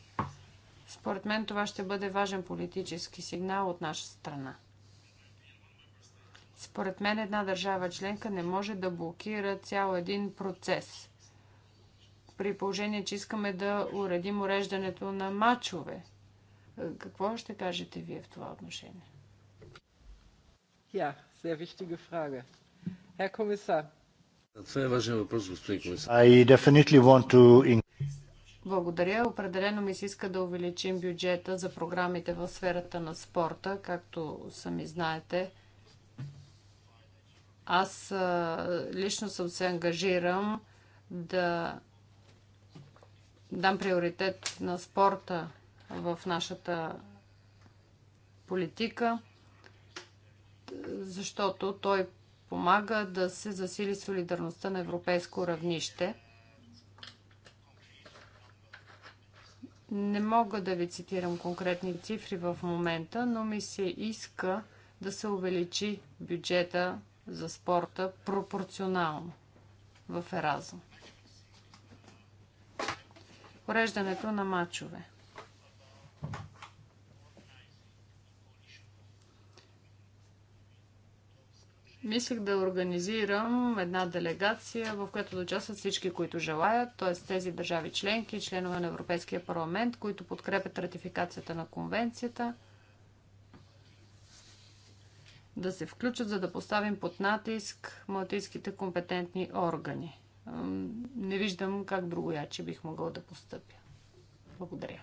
Според мен това ще бъде важен политически сигнал от наша страна. Според мен една държава членка не може да блокира цял един процес. При положение, че искаме да уредим уреждането на мачове. Какво ще кажете вие в това отношение? Ja, sehr wichtige Frage. Herr Kommissar. Това е въпрос, комисар. I definitely want to... Благодаря. Определено ми се иска да увеличим бюджета за програмите в сферата на спорта, както сами знаете. Аз лично съм се ангажирам да дам приоритет на спорта в нашата политика защото той помага да се засили солидарността на европейско равнище. Не мога да ви цитирам конкретни цифри в момента, но ми се иска да се увеличи бюджета за спорта пропорционално в Еразъм. Уреждането на мачове. мислих да организирам една делегация, в която да участват всички, които желаят, т.е. тези държави членки, членове на Европейския парламент, които подкрепят ратификацията на конвенцията, да се включат, за да поставим под натиск малтийските компетентни органи. Не виждам как друго другояче бих могъл да постъпя. Благодаря.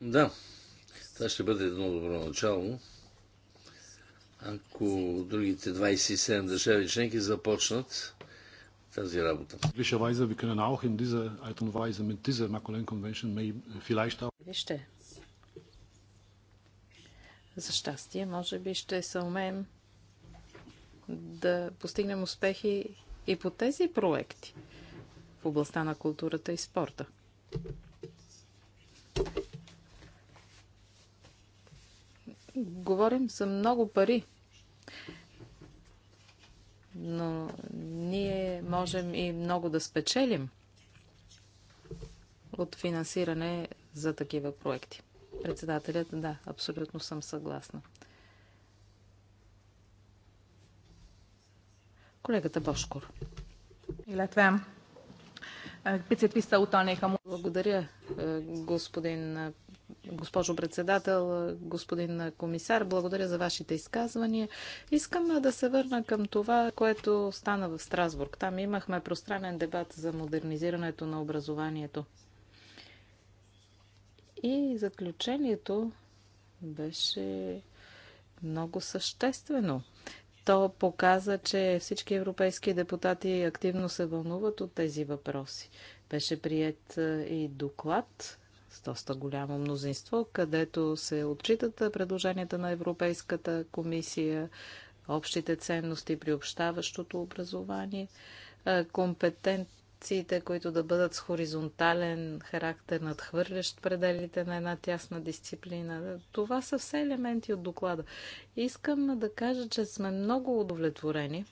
Да, това ще бъде едно добро начало ако другите 27 държави членки започнат тази работа. Вижте. За щастие, може би ще се умеем да постигнем успехи и по тези проекти в областта на културата и спорта. говорим за много пари. Но ние можем и много да спечелим от финансиране за такива проекти. Председателят, да, абсолютно съм съгласна. Колегата Бошкор. Eh, Благодаря, eh, господин госпожо председател, господин комисар. Благодаря за вашите изказвания. Искам да се върна към това, което стана в Страсбург. Там имахме пространен дебат за модернизирането на образованието. И заключението беше много съществено. То показа, че всички европейски депутати активно се вълнуват от тези въпроси. Беше прият и доклад с доста голямо мнозинство, където се отчитат предложенията на Европейската комисия, общите ценности, приобщаващото образование, компетенциите, които да бъдат с хоризонтален характер, надхвърлящ пределите на една тясна дисциплина. Това са все елементи от доклада. Искам да кажа, че сме много удовлетворени,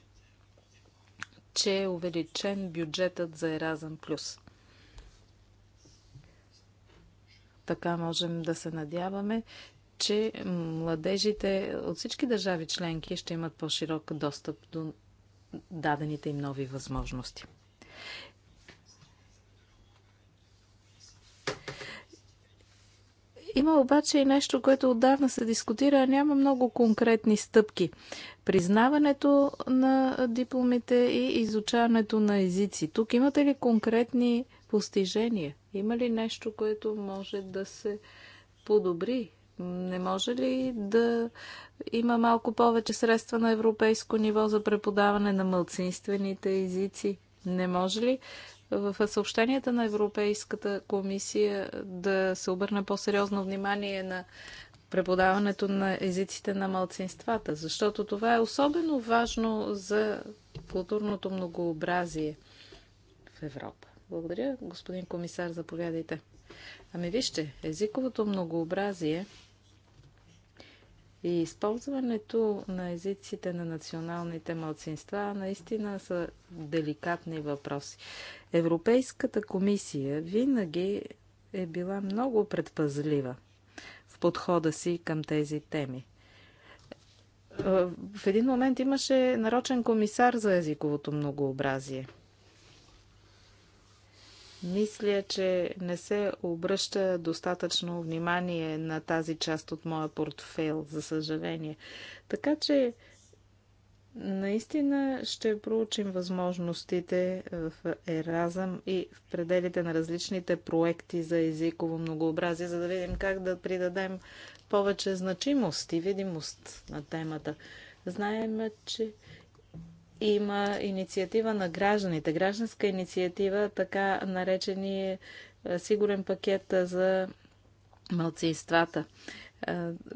че е увеличен бюджетът за Еразъм Плюс. Така можем да се надяваме, че младежите от всички държави членки ще имат по-широк достъп до дадените им нови възможности. Има обаче и нещо, което отдавна се дискутира, няма много конкретни стъпки. Признаването на дипломите и изучаването на езици. Тук имате ли конкретни постижение? Има ли нещо, което може да се подобри? Не може ли да има малко повече средства на европейско ниво за преподаване на мълцинствените езици? Не може ли в съобщенията на Европейската комисия да се обърне по-сериозно внимание на преподаването на езиците на мълцинствата? защото това е особено важно за културното многообразие в Европа. Благодаря. Господин комисар, заповядайте. Ами вижте, езиковото многообразие и използването на езиците на националните малцинства наистина са деликатни въпроси. Европейската комисия винаги е била много предпазлива в подхода си към тези теми. Е, в един момент имаше нарочен комисар за езиковото многообразие – мисля, че не се обръща достатъчно внимание на тази част от моя портфел, за съжаление. Така че наистина ще проучим възможностите в Еразъм и в пределите на различните проекти за езиково многообразие, за да видим как да придадем повече значимост и видимост на темата. Знаем, че има инициатива на гражданите, гражданска инициатива, така наречени е, сигурен пакет за мълцинствата.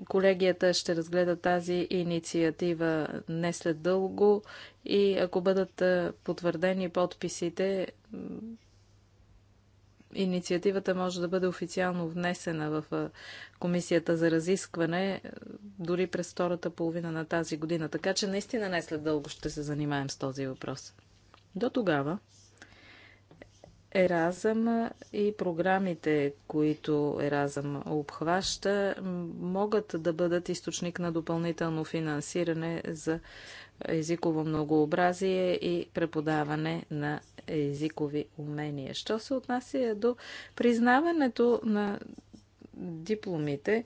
Колегията ще разгледа тази инициатива не след дълго и ако бъдат потвърдени подписите, инициативата може да бъде официално внесена в комисията за разискване е, дори през втората половина на тази година. Така че наистина не след дълго ще се занимаем с този въпрос. До тогава Еразъм и програмите, които Еразъм обхваща, могат да бъдат източник на допълнително финансиране за езиково многообразие и преподаване на езикови умения. Що се отнася до признаването на дипломите,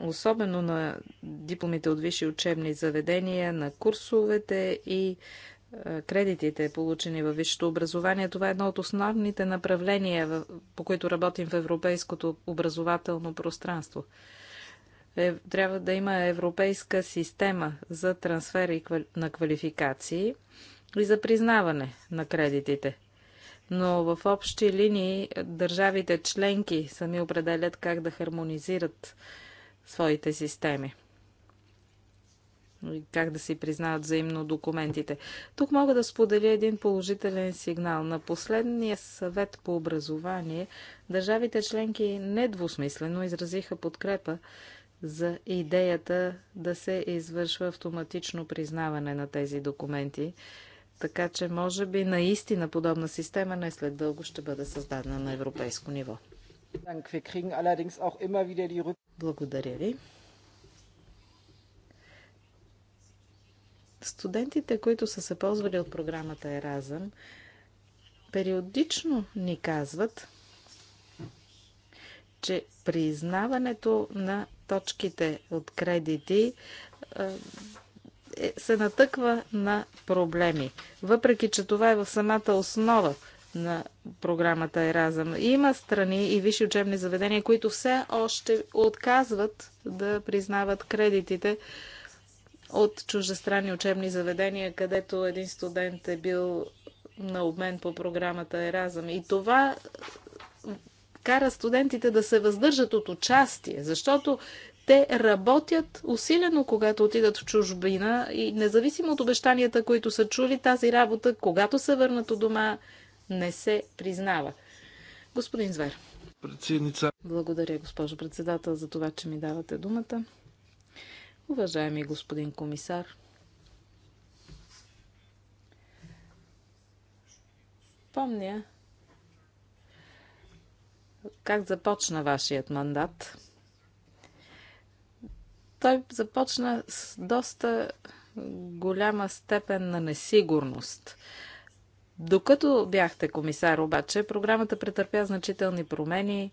особено на дипломите от висши учебни заведения, на курсовете и е, кредитите, получени във висшето образование. Това е едно от основните направления, по които работим в европейското образователно пространство. Е, трябва да има европейска система за трансфер на квалификации – и за признаване на кредитите. Но в общи линии държавите членки сами определят как да хармонизират своите системи как да си признават взаимно документите. Тук мога да споделя един положителен сигнал. На последния съвет по образование държавите членки недвусмислено изразиха подкрепа за идеята да се извършва автоматично признаване на тези документи така че, може би, наистина подобна система не след дълго ще бъде създадена на европейско ниво. Благодаря ви. Студентите, които са се ползвали от програмата Еразъм, периодично ни казват, че признаването на точките от кредити се натъква на проблеми, въпреки че това е в самата основа на програмата Еразъм. Има страни и висши учебни заведения, които все още отказват да признават кредитите от чуждестранни учебни заведения, където един студент е бил на обмен по програмата Еразъм. И това кара студентите да се въздържат от участие, защото те работят усилено, когато отидат в чужбина и независимо от обещанията, които са чули, тази работа, когато се върнат от дома, не се признава. Господин Звер. Председница. Благодаря, госпожо председател, за това, че ми давате думата. Уважаеми господин комисар, помня как започна вашият мандат – той започна с доста голяма степен на несигурност. Докато бяхте комисар, обаче, програмата претърпя значителни промени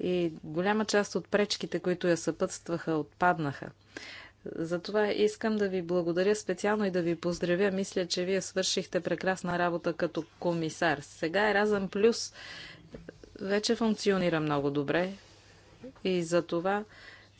и голяма част от пречките, които я съпътстваха, отпаднаха. Затова искам да ви благодаря специално и да ви поздравя. Мисля, че вие свършихте прекрасна работа като комисар. Сега е разъм Плюс вече функционира много добре и за това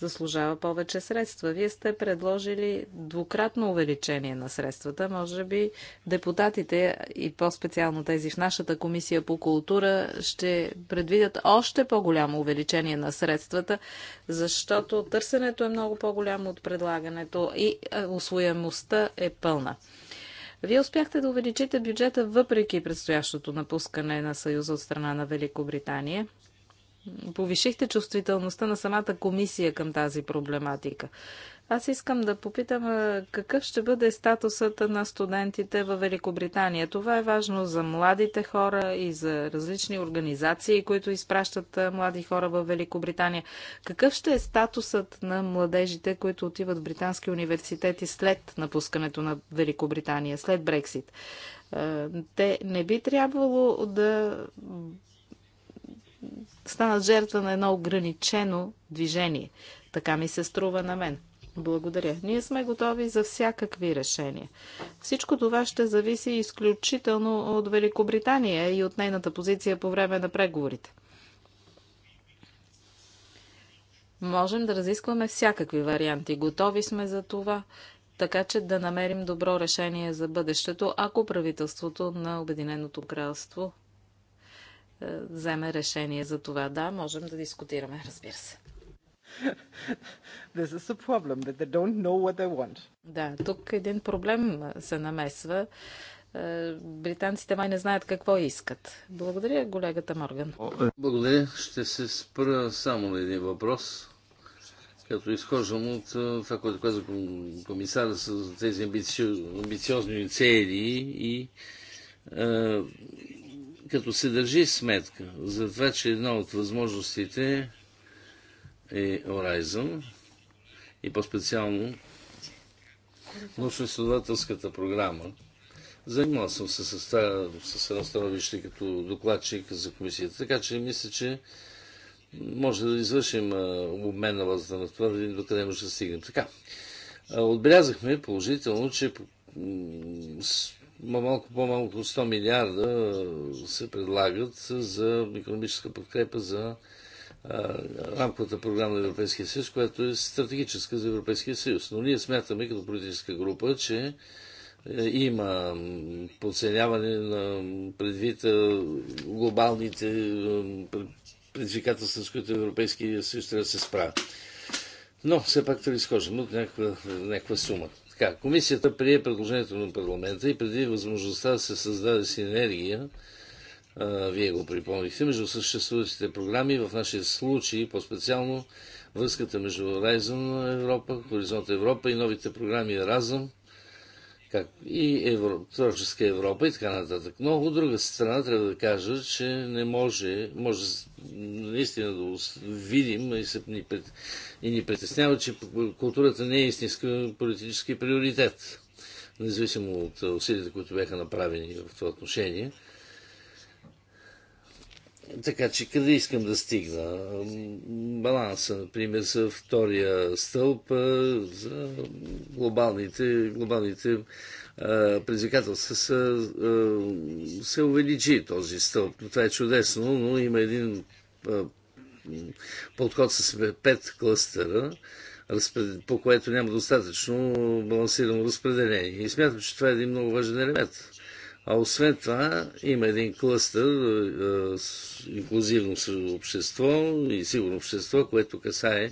заслужава повече средства. Вие сте предложили двукратно увеличение на средствата. Може би депутатите и по-специално тези в нашата комисия по култура ще предвидят още по-голямо увеличение на средствата, защото търсенето е много по-голямо от предлагането и е, освоемостта е пълна. Вие успяхте да увеличите бюджета въпреки предстоящото напускане на Съюза от страна на Великобритания – повишихте чувствителността на самата комисия към тази проблематика. Аз искам да попитам какъв ще бъде статусът на студентите в Великобритания. Това е важно за младите хора и за различни организации, които изпращат млади хора в Великобритания. Какъв ще е статусът на младежите, които отиват в британски университети след напускането на Великобритания, след Брексит? Те не би трябвало да станат жертва на едно ограничено движение. Така ми се струва на мен. Благодаря. Ние сме готови за всякакви решения. Всичко това ще зависи изключително от Великобритания и от нейната позиция по време на преговорите. Можем да разискваме всякакви варианти. Готови сме за това, така че да намерим добро решение за бъдещето, ако правителството на Обединеното кралство е, вземе решение за това. Да, можем да дискутираме, разбира се. This is a problem, that they don't know what they want. Да, тук един проблем е, се намесва. Е, британците май не знаят какво искат. Благодаря, колегата Морган. Благодаря. Ще се спра само на един въпрос, като изхождам от това, което каза комисара с тези амбициозни цели и като се държи сметка за това, че една от възможностите е Horizon и по-специално научно-изследователската програма. Занимал съм се с, това, с едно становище като докладчик за комисията, така че мисля, че може да извършим обмен на базата на това, да видим докъде може да стигнем. Така, отбелязахме положително, че малко по-малко от 100 милиарда се предлагат за економическа подкрепа за рамковата програма на Европейския съюз, която е стратегическа за Европейския съюз. Но ние смятаме като политическа група, че е, има подценяване на предвид глобалните предизвикателства, с които Европейския съюз трябва да се справя. Но все пак трябва да изхождаме от някаква, някаква сума. Така, комисията прие предложението на парламента и преди възможността да се създаде синергия, а, вие го припомнихте, между съществуващите програми, в нашия случай по-специално връзката между Horizon Европа, Хоризонт Европа и новите програми РаЗъм как, и Евро, Творческа Европа и така нататък. Но от друга страна трябва да кажа, че не може, може наистина да видим и, се, ни, пред, и ни притеснява, че културата не е истинска политически приоритет. Независимо от усилията, които бяха направени в това отношение – така че къде искам да стигна? Баланса, например, за втория стълб, за глобалните, глобалните предизвикателства са, се увеличи този стълб. Това е чудесно, но има един подход с пет кластера, по което няма достатъчно балансирано разпределение. И смятам, че това е един много важен елемент а освен това има един клъстър е, е, инклюзивно общество и сигурно общество, което касае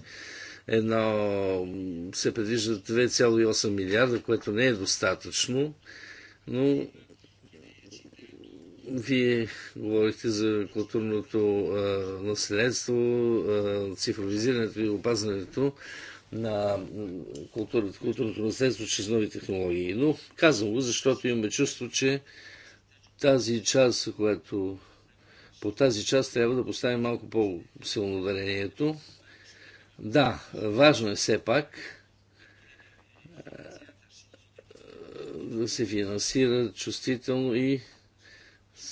едно, се предвижда 2,8 милиарда, което не е достатъчно, но вие говорихте за културното а, наследство, а, цифровизирането и опазването на културата, културното наследство чрез нови технологии. Но казвам го, защото имаме чувство, че тази част, която по тази част трябва да поставим малко по-силно дарението. Да, важно е все пак е, да се финансира чувствително и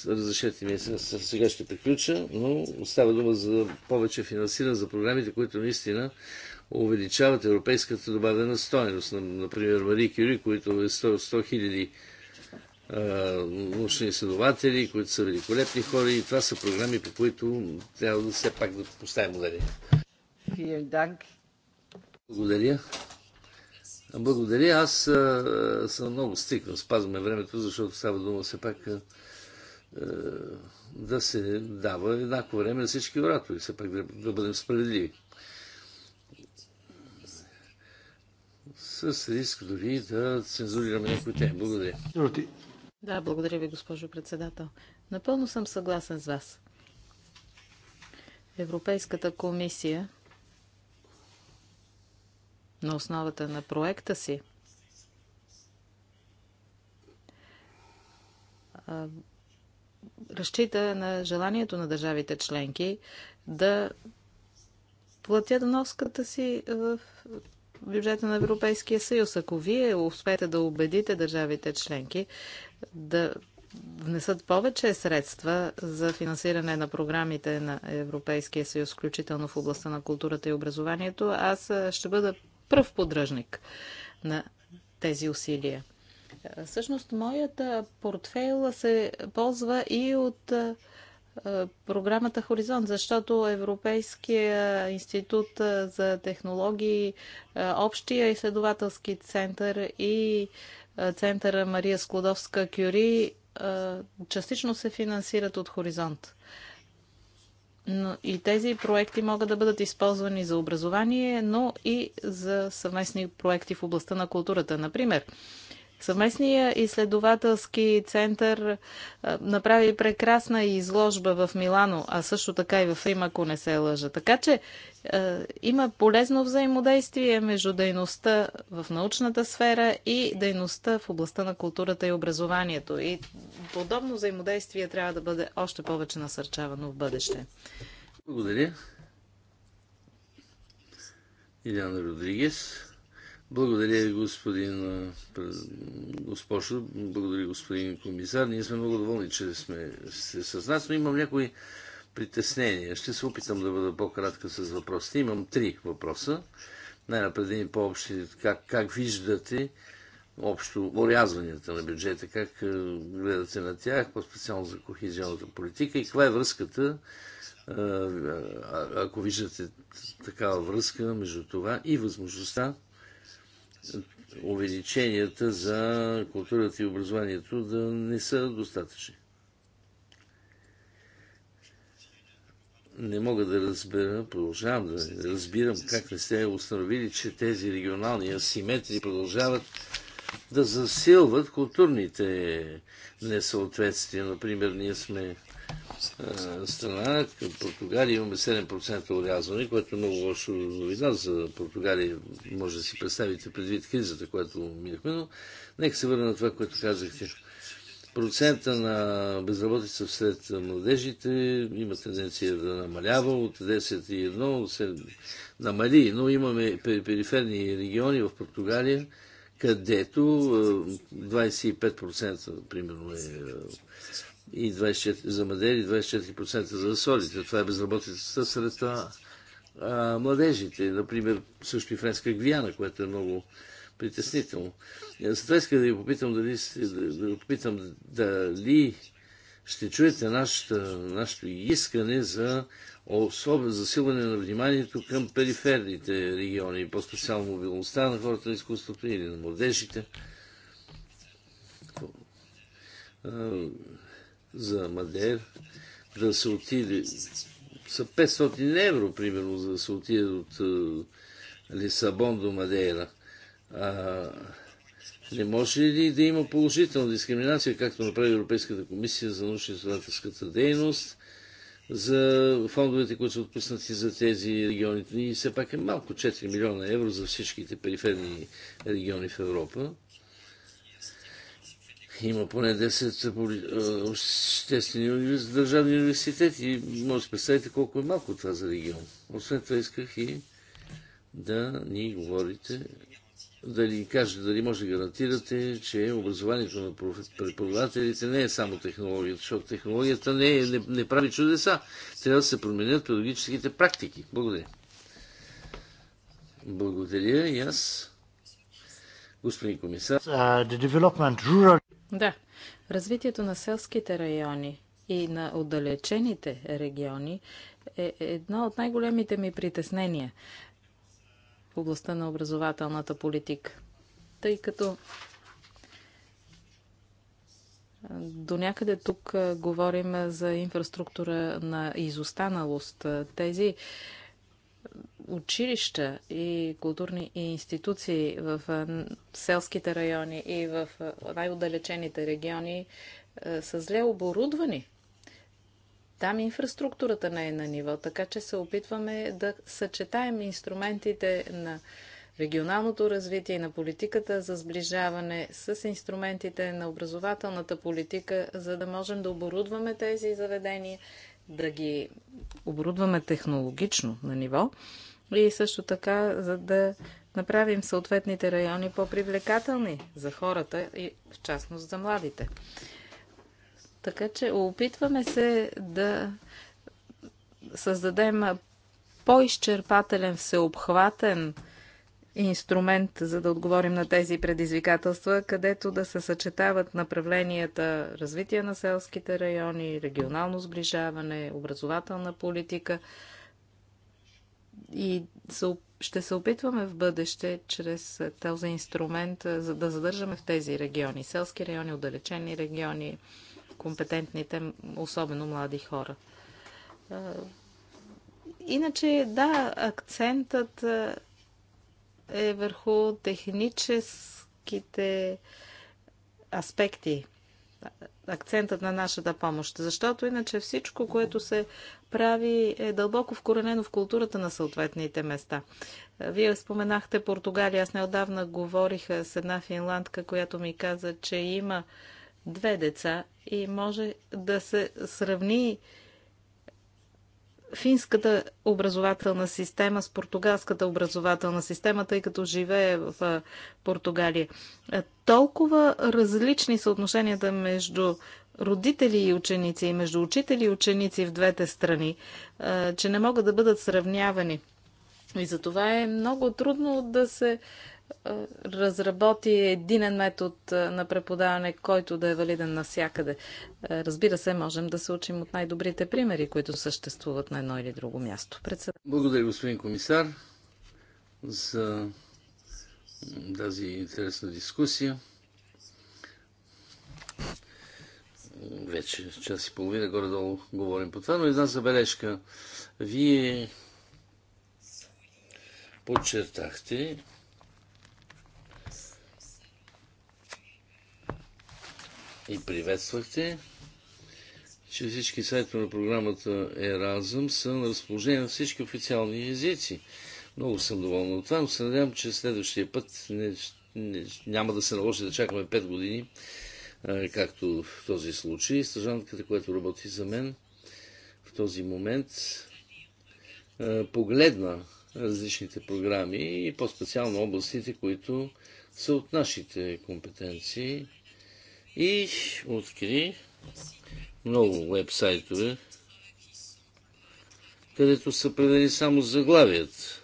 разрешете ми, сега ще приключа, но остава дума за повече финансиране за програмите, които наистина увеличават европейската добавена стоеност. Например, Мари Кюри, които е 100, хиляди научни изследователи, които са великолепни хора и това са програми, по които трябва да все пак да поставим ударение. Благодаря. Благодаря. Аз а, съм много стикан, Спазваме времето, защото става дума все пак а, да се дава еднакво време на всички оратори. Все пак да, да бъдем справедливи. с риск дори да цензурираме някои теми. Благодаря. Да, благодаря ви, госпожо председател. Напълно съм съгласен с вас. Европейската комисия на основата на проекта си разчита на желанието на държавите членки да платят вноската си в бюджета на Европейския съюз. Ако вие успеете да убедите държавите членки да внесат повече средства за финансиране на програмите на Европейския съюз, включително в областта на културата и образованието, аз ще бъда пръв поддръжник на тези усилия. Всъщност, моята портфейла се ползва и от е, програмата Хоризонт, защото Европейския институт е, за технологии, е, Общия изследователски център и центъра Мария Склодовска Кюри частично се финансират от Хоризонт. Но и тези проекти могат да бъдат използвани за образование, но и за съвместни проекти в областта на културата. Например, Съместния изследователски център направи прекрасна изложба в Милано, а също така и в Рим, ако не се лъжа. Така че има полезно взаимодействие между дейността в научната сфера и дейността в областта на културата и образованието. И подобно взаимодействие трябва да бъде още повече насърчавано в бъдеще. Благодаря. Иляна Родригес. Благодаря, господин госпожо, благодаря, господин комисар. Ние сме много доволни, че сме се с нас, но имам някои притеснения. Ще се опитам да бъда по-кратка с въпросите. Имам три въпроса. Най-напред един по-общи. Как, как виждате общо орязванията на бюджета? Как гледате на тях, по-специално за кохезионната политика? И каква е връзката ако виждате такава връзка между това и възможността увеличенията за културата и образованието да не са достатъчни. Не мога да разбера, продължавам да разбирам как не сте установили, че тези регионални асиметрии продължават да засилват културните несъответствия. Например, ние сме е, страна, към Португалия имаме 7% урязване, което е много лошо новина за Португалия. Може да си представите предвид кризата, която минахме, но нека се върна на това, което казахте. Процента на безработица сред младежите има тенденция да намалява от 10,1 се намали, но имаме периферни региони в Португалия, където 25% е, примерно е и 24, за младежи 24% за солите. Това е безработицата сред а, младежите. Например, също и Френска Гвиана, което е много притеснително. Е, затова иска да ви попитам дали, да, да попитам дали ще чуете нашата, нашето искане за особено засилване на вниманието към периферните региони, по-специално мобилността на хората на изкуството или на младежите е, за Мадер, да се отиде. Са 500 евро, примерно, за да се отиде от е, Лисабон до Мадейра. А, не може ли да има положителна дискриминация, както направи Европейската комисия за научно-изследователската дейност, за фондовете, които са отпуснати за тези региони? И все пак е малко 4 милиона евро за всичките периферни региони в Европа. Има поне 10 обществени държавни университети може да представите колко е малко това за регион. Освен това исках и да ни говорите, да ни кажете, дали може да гарантирате, че образованието на преподавателите не е само технологията, защото технологията не, е, не, не прави чудеса. Трябва да се променят педагогическите практики. Благодаря. Благодаря и аз. Господин комисар. Uh, rural... Да, развитието на селските райони и на отдалечените региони е едно от най-големите ми притеснения в областта на образователната политика. Тъй като до някъде тук говорим за инфраструктура на изостаналост. Тези училища и културни институции в селските райони и в най удалечените региони са зле оборудвани. Там инфраструктурата не е на ниво, така че се опитваме да съчетаем инструментите на регионалното развитие и на политиката за сближаване с инструментите на образователната политика, за да можем да оборудваме тези заведения, да ги оборудваме технологично на ниво и също така, за да направим съответните райони по-привлекателни за хората и в частност за младите. Така че опитваме се да създадем по-изчерпателен, всеобхватен инструмент, за да отговорим на тези предизвикателства, където да се съчетават направленията развитие на селските райони, регионално сближаване, образователна политика – и ще се опитваме в бъдеще, чрез е, този инструмент, е, за да задържаме в тези региони, селски райони, отдалечени региони, компетентните, особено млади хора. Е, иначе, да, акцентът е върху техническите аспекти акцентът на нашата помощ. Защото иначе всичко, което се прави, е дълбоко вкоренено в културата на съответните места. Вие споменахте Португалия. Аз неодавна говорих с една финландка, която ми каза, че има две деца и може да се сравни финската образователна система с португалската образователна система, тъй като живее в Португалия. Толкова различни са отношенията между родители и ученици и между учители и ученици в двете страни, че не могат да бъдат сравнявани. И за това е много трудно да се разработи единен метод на преподаване, който да е валиден навсякъде. Разбира се, можем да се учим от най-добрите примери, които съществуват на едно или друго място. Председ... Благодаря, господин комисар, за тази интересна дискусия. Вече час и половина горе-долу говорим по това, но една забележка. Вие подчертахте, и приветствахте, че всички сайтове на програмата Еразъм са на разположение на всички официални езици. Много съм доволна от това, но се надявам, че следващия път не, не, няма да се наложи да чакаме 5 години, а, както в този случай. Стъжанката, която работи за мен в този момент, а, погледна различните програми и по-специално областите, които са от нашите компетенции и откри много вебсайтове, където са предали само заглавият.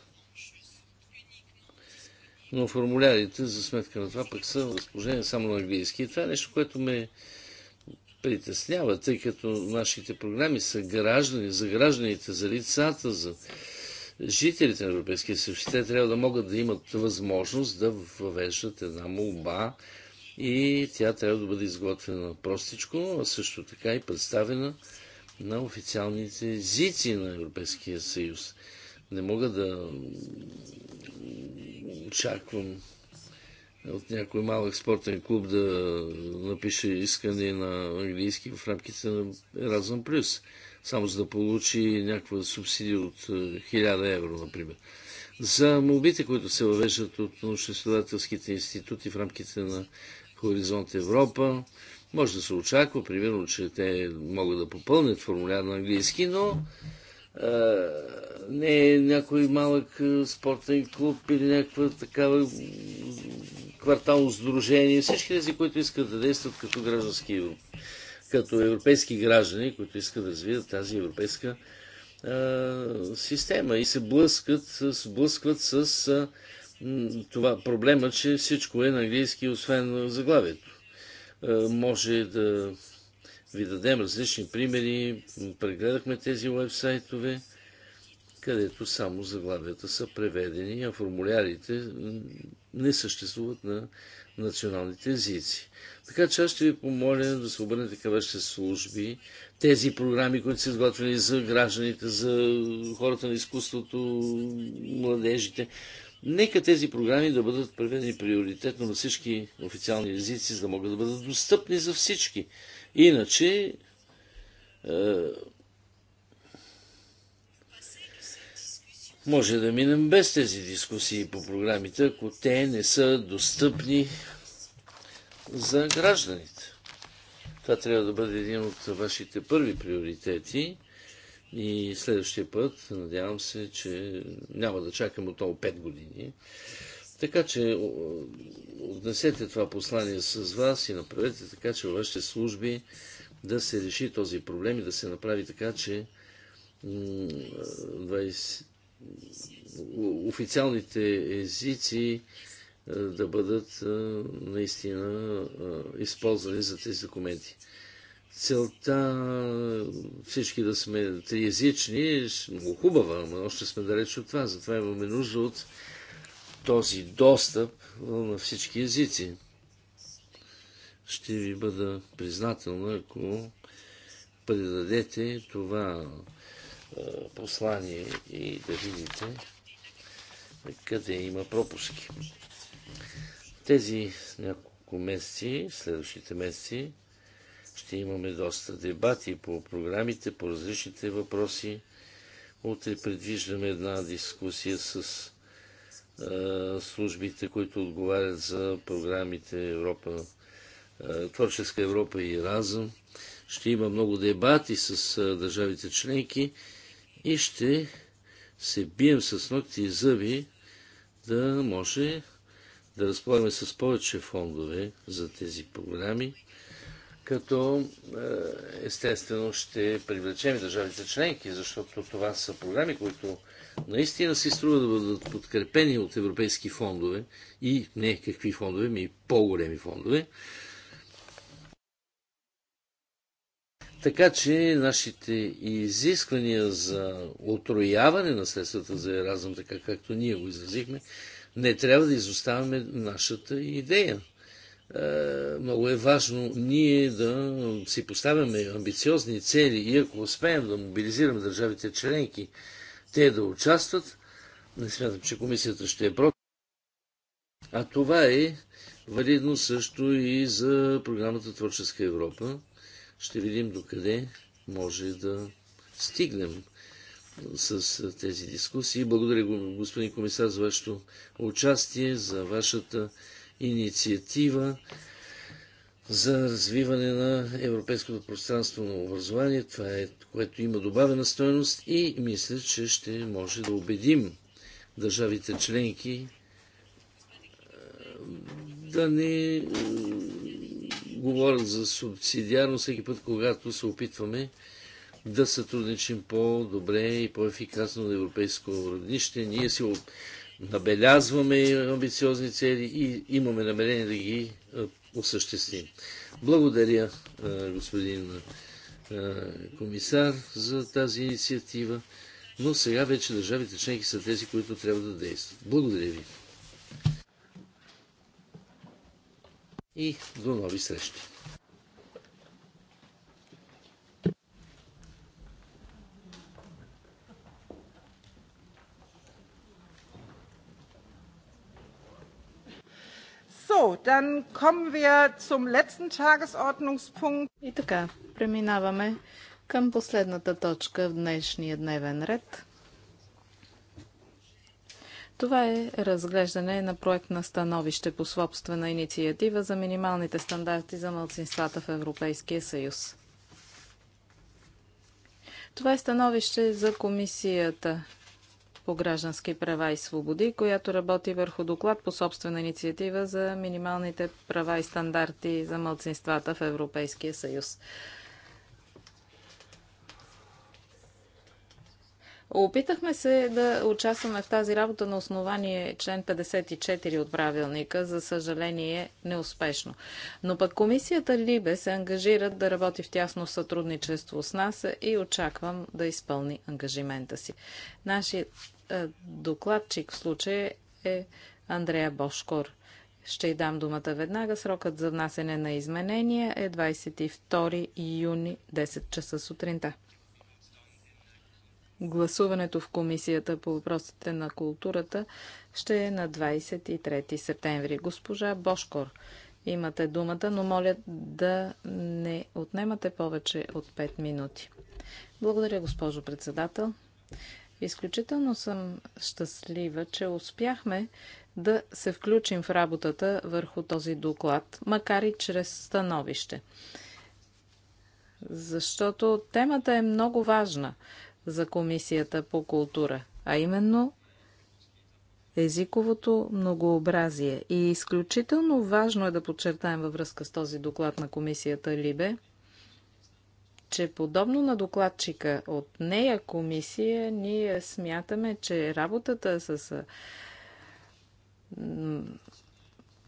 Но формулярите за сметка на това пък са разположени само на английски. И това е нещо, което ме притеснява, тъй като нашите програми са граждани, за гражданите, за лицата, за жителите на Европейския съюз. Те трябва да могат да имат възможност да въвеждат една молба и тя трябва да бъде изготвена простичко, а също така и представена на официалните езици на Европейския съюз. Не мога да очаквам от някой малък спортен клуб да напише искане на английски в рамките на Еразъм Плюс, само за да получи някаква субсидия от 1000 е, евро, например. За молбите, които се въвеждат от научно следователските институти в рамките на Хоризонт Европа. Може да се очаква, примерно, че те могат да попълнят формуляр на английски, но а, не е някой малък спортен клуб или някаква такава квартално сдружение. Всички тези, които искат да действат като граждански, като европейски граждани, които искат да развият тази европейска а, система и се блъскат, сблъскват с а, това проблема, че всичко е на английски, освен заглавието. Е, може да ви дадем различни примери. Прегледахме тези вебсайтове, където само заглавията са преведени, а формулярите не съществуват на националните езици. Така че аз ще ви помоля да се обърнете към вашите служби, тези програми, които са изготвени за гражданите, за хората на изкуството, младежите. Нека тези програми да бъдат преведени приоритетно на всички официални езици, за да могат да бъдат достъпни за всички. Иначе е, може да минем без тези дискусии по програмите, ако те не са достъпни за гражданите. Това трябва да бъде един от вашите първи приоритети. И следващия път, надявам се, че няма да чакам отново 5 години. Така че отнесете това послание с вас и направете така, че във вашите служби да се реши този проблем и да се направи така, че 20... официалните езици е, да бъдат е, наистина е, използвани за тези документи целта всички да сме триязични е много хубава, но още сме далеч от това. Затова имаме нужда от този достъп на всички езици. Ще ви бъда признателна, ако предадете това послание и да видите къде има пропуски. Тези няколко месеци, следващите месеци, ще имаме доста дебати по програмите, по различните въпроси. Утре предвиждаме една дискусия с е, службите, които отговарят за програмите Европа, е, Творческа Европа и Разъм. Ще има много дебати с е, държавите членки и ще се бием с ногти и зъби да може да разполагаме с повече фондове за тези програми като е, естествено ще привлечем и държавите членки, защото това са програми, които наистина си струва да бъдат подкрепени от европейски фондове и не какви фондове, ми по-големи фондове. Така че нашите изисквания за отрояване на средствата за еразъм, така както ние го изразихме, не трябва да изоставяме нашата идея. Е, много е важно ние да си поставяме амбициозни цели и ако успеем да мобилизираме държавите членки, те да участват, не смятам, че комисията ще е против. А това е валидно също и за програмата Творческа Европа. Ще видим докъде може да стигнем с тези дискусии. Благодаря, господин комисар, за вашето участие, за вашата инициатива за развиване на европейското пространство на образование. Това е което има добавена стоеност и мисля, че ще може да убедим държавите членки да не говорят за субсидиарност, всеки път, когато се опитваме да сътрудничим по-добре и по-ефикасно на европейско равнище. Ние си набелязваме амбициозни цели и имаме намерение да ги е, осъществим. Благодаря, е, господин е, комисар, за тази инициатива, но сега вече държавите членки са тези, които трябва да действат. Благодаря ви. И до нови срещи. So, dann kommen wir zum letzten Tagesordnungspunkt. И така, преминаваме към последната точка в днешния дневен ред. Това е разглеждане на проект на становище по собствена инициатива за минималните стандарти за мълцинствата в Европейския съюз. Това е становище за комисията по граждански права и свободи, която работи върху доклад по собствена инициатива за минималните права и стандарти за мълцинствата в Европейския съюз. Опитахме се да участваме в тази работа на основание член 54 от правилника, за съжаление неуспешно. Но пък комисията Либе се ангажира да работи в тясно сътрудничество с нас и очаквам да изпълни ангажимента си. Нашият е, докладчик в случая е Андрея Бошкор. Ще й дам думата веднага. Срокът за внасене на изменения е 22 юни 10 часа сутринта. Гласуването в Комисията по въпросите на културата ще е на 23 септември. Госпожа Бошкор, имате думата, но моля да не отнемате повече от 5 минути. Благодаря, госпожо председател. Изключително съм щастлива, че успяхме да се включим в работата върху този доклад, макар и чрез становище. Защото темата е много важна за Комисията по култура, а именно езиковото многообразие. И изключително важно е да подчертаем във връзка с този доклад на Комисията Либе – че подобно на докладчика от нея комисия, ние смятаме, че работата с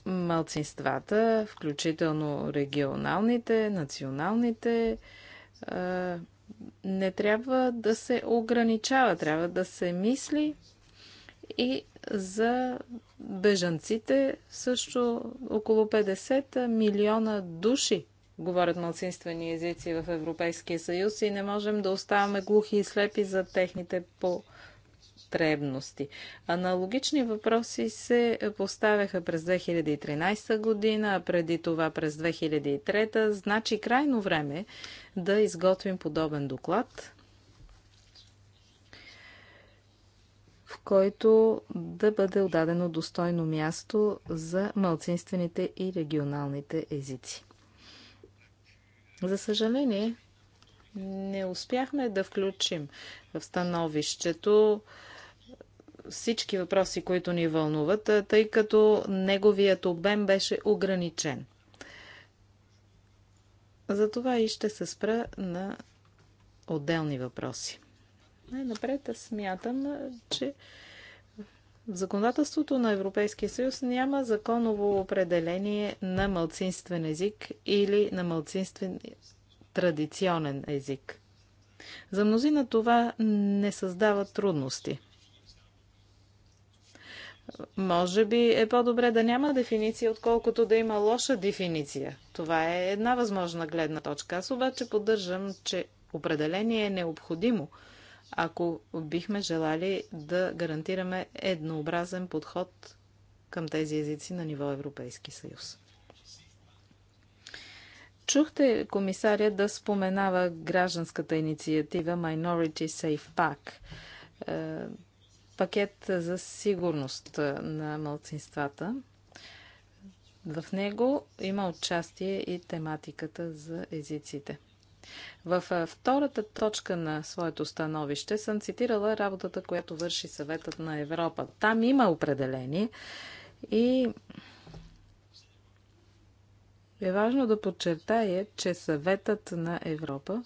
малцинствата, включително регионалните, националните, не трябва да се ограничава, трябва да се мисли и за бежанците също около 50 милиона души говорят мълцинствени езици в Европейския съюз и не можем да оставаме глухи и слепи за техните потребности. Аналогични въпроси се поставяха през 2013 година, а преди това през 2003. Значи крайно време да изготвим подобен доклад, в който да бъде отдадено достойно място за малцинствените и регионалните езици. За съжаление, не успяхме да включим в становището всички въпроси, които ни вълнуват, тъй като неговият обем беше ограничен. Затова и ще се спра на отделни въпроси. Най-напред смятам, че в законодателството на Европейския съюз няма законово определение на мълцинствен език или на мълцинствен традиционен език. За мнозина това не създава трудности. Може би е по-добре да няма дефиниция, отколкото да има лоша дефиниция. Това е една възможна гледна точка. Аз обаче поддържам, че определение е необходимо – ако бихме желали да гарантираме еднообразен подход към тези езици на ниво Европейски съюз. Чухте комисаря да споменава гражданската инициатива Minority Safe Pack, е, пакет за сигурност на малцинствата. В него има участие и тематиката за езиците. В втората точка на своето становище съм цитирала работата, която върши съветът на Европа. Там има определение и е важно да подчертая, че съветът на Европа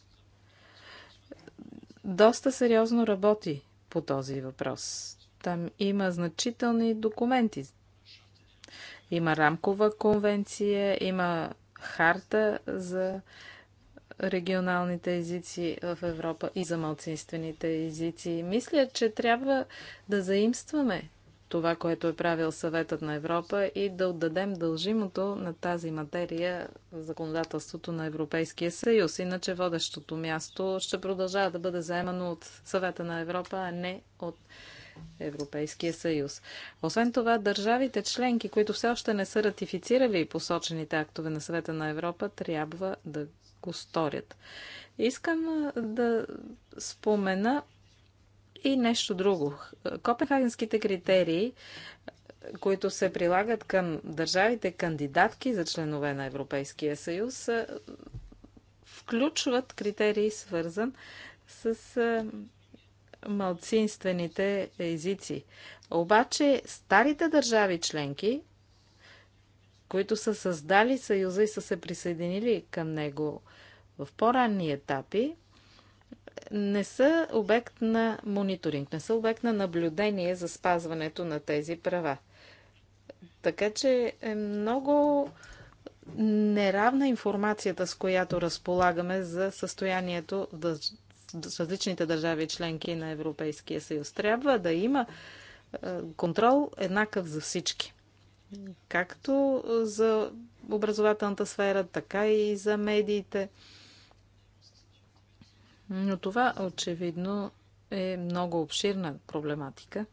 доста сериозно работи по този въпрос. Там има значителни документи. Има рамкова конвенция, има харта за регионалните езици в Европа и за малцинствените езици. Мисля, че трябва да заимстваме това, което е правил съветът на Европа и да отдадем дължимото на тази материя в законодателството на Европейския съюз. Иначе водещото място ще продължава да бъде заемано от съвета на Европа, а не от Европейския съюз. Освен това, държавите членки, които все още не са ратифицирали посочените актове на съвета на Европа, трябва да го сторят. Искам да спомена и нещо друго. Копенхагенските критерии, които се прилагат към държавите кандидатки за членове на Европейския съюз, включват критерии свързан с малцинствените езици. Обаче старите държави членки които са създали Съюза и са се присъединили към него в по-ранни етапи, не са обект на мониторинг, не са обект на наблюдение за спазването на тези права. Така че е много неравна информацията, с която разполагаме за състоянието в различните държави членки на Европейския съюз. Трябва да има е, контрол еднакъв за всички както за образователната сфера, така и за медиите. Но това очевидно е много обширна проблематика.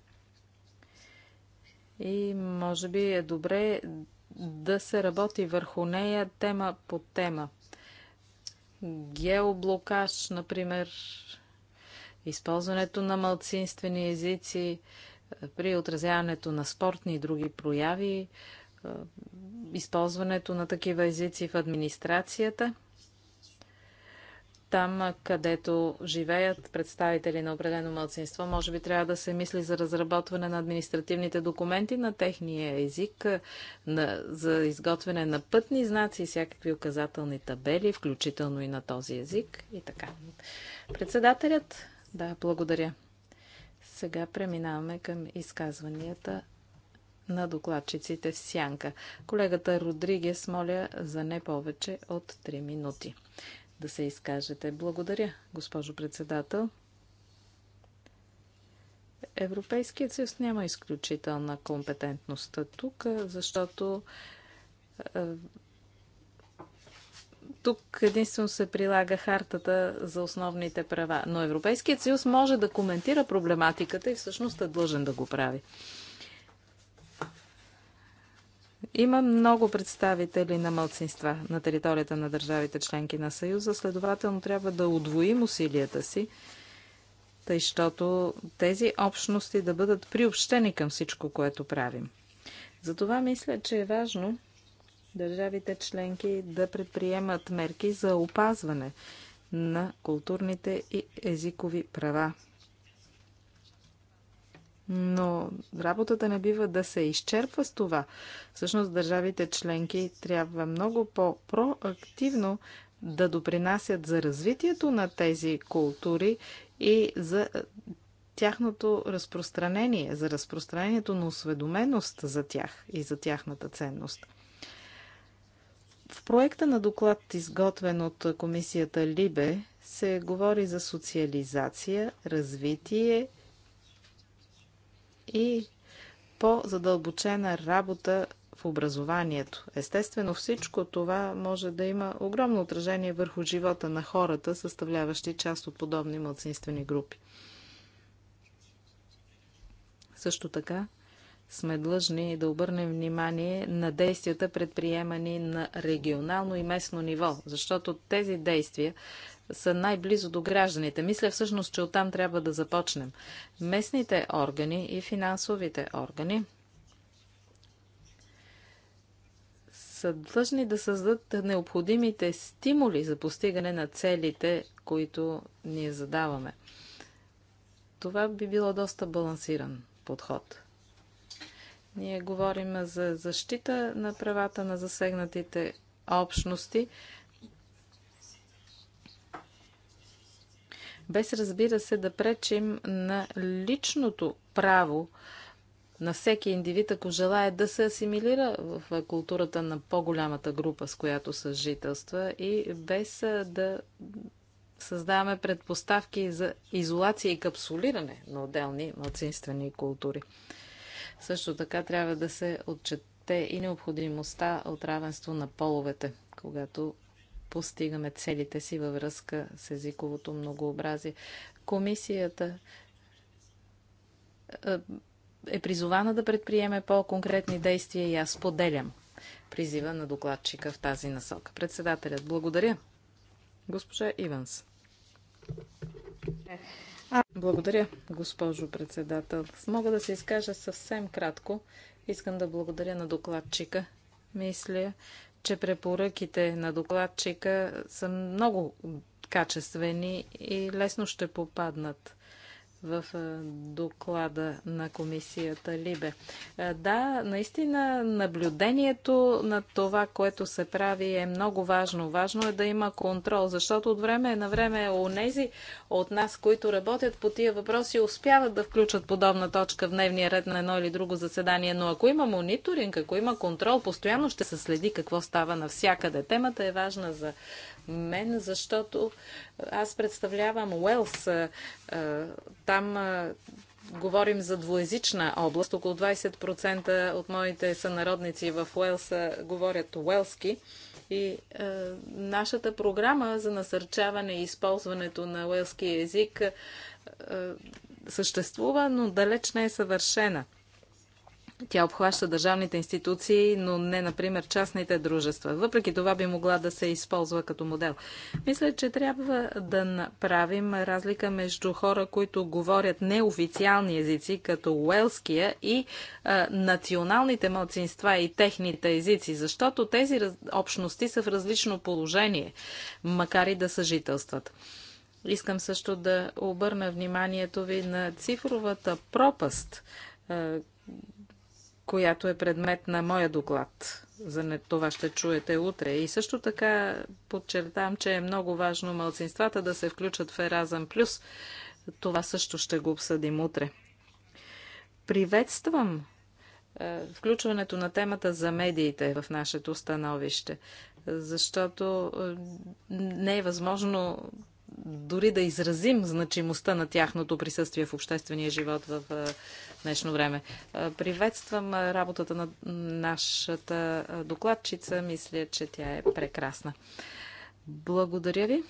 И може би е добре да се работи върху нея тема по тема. Геоблокаж, например, използването на малцинствени езици, при отразяването на спортни и други прояви, е, използването на такива езици в администрацията, там където живеят представители на определено мълцинство, може би трябва да се мисли за разработване на административните документи на техния език, е, на, за изготвяне на пътни знаци и всякакви указателни табели, включително и на този език и така. Председателят, да, благодаря. Сега преминаваме към изказванията на докладчиците в сянка. Колегата Родригес моля за не повече от 3 минути да се изкажете. Благодаря, госпожо председател. Европейският съюз няма изключителна компетентност тук, защото е, тук единствено се прилага хартата за основните права. Но Европейският съюз може да коментира проблематиката и всъщност е длъжен да го прави. Има много представители на мълцинства на територията на държавите членки на Съюза, следователно трябва да удвоим усилията си, тъй щото тези общности да бъдат приобщени към всичко, което правим. Затова мисля, че е важно държавите членки да предприемат мерки за опазване на културните и езикови права. Но работата не бива да се изчерпва с това. Всъщност държавите членки трябва много по-проактивно да допринасят за развитието на тези култури и за тяхното разпространение, за разпространението на осведоменост за тях и за тяхната ценност. В проекта на доклад, изготвен от комисията Либе, се говори за социализация, развитие и по-задълбочена работа в образованието. Естествено, всичко това може да има огромно отражение върху живота на хората, съставляващи част от подобни младсинствени групи. Също така, сме длъжни да обърнем внимание на действията, предприемани на регионално и местно ниво, защото тези действия са най-близо до гражданите. Мисля всъщност, че оттам трябва да започнем. Местните органи и финансовите органи са длъжни да създадат необходимите стимули за постигане на целите, които ние задаваме. Това би било доста балансиран подход. Ние говорим за защита на правата на засегнатите общности. Без разбира се да пречим на личното право на всеки индивид, ако желая да се асимилира в културата на по-голямата група, с която съжителства и без да създаваме предпоставки за изолация и капсулиране на отделни младсинствени култури. Също така трябва да се отчете и необходимостта от равенство на половете, когато постигаме целите си във връзка с езиковото многообразие. Комисията е призована да предприеме по-конкретни действия и аз поделям призива на докладчика в тази насока. Председателят, благодаря. Госпожа Иванс. Благодаря, госпожо председател. Мога да се изкажа съвсем кратко. Искам да благодаря на докладчика. Мисля, че препоръките на докладчика са много качествени и лесно ще попаднат в доклада на комисията Либе. Да, наистина наблюдението на това, което се прави е много важно. Важно е да има контрол, защото от време на време у нези от нас, които работят по тия въпроси, успяват да включат подобна точка в дневния ред на едно или друго заседание. Но ако има мониторинг, ако има контрол, постоянно ще се следи какво става навсякъде. Темата е важна за мен, защото аз представлявам Уелс. Е, е, там е, говорим за двоязична област. Около 20% от моите сънародници в Уелс говорят уелски. И е, нашата програма за насърчаване и използването на уелски език е, съществува, но далеч не е съвършена. Тя обхваща държавните институции, но не, например, частните дружества. Въпреки това би могла да се използва като модел. Мисля, че трябва да направим разлика между хора, които говорят неофициални езици, като уелския, и а, националните младсинства и техните езици, защото тези раз... общности са в различно положение, макар и да съжителстват. Искам също да обърна вниманието ви на цифровата пропаст, която е предмет на моя доклад. За това ще чуете утре. И също така подчертавам, че е много важно малцинствата да се включат в Еразъм Плюс. Това също ще го обсъдим утре. Приветствам е, включването на темата за медиите в нашето становище, защото е, не е възможно дори да изразим значимостта на тяхното присъствие в обществения живот в днешно време. Приветствам работата на нашата докладчица. Мисля, че тя е прекрасна. Благодаря ви.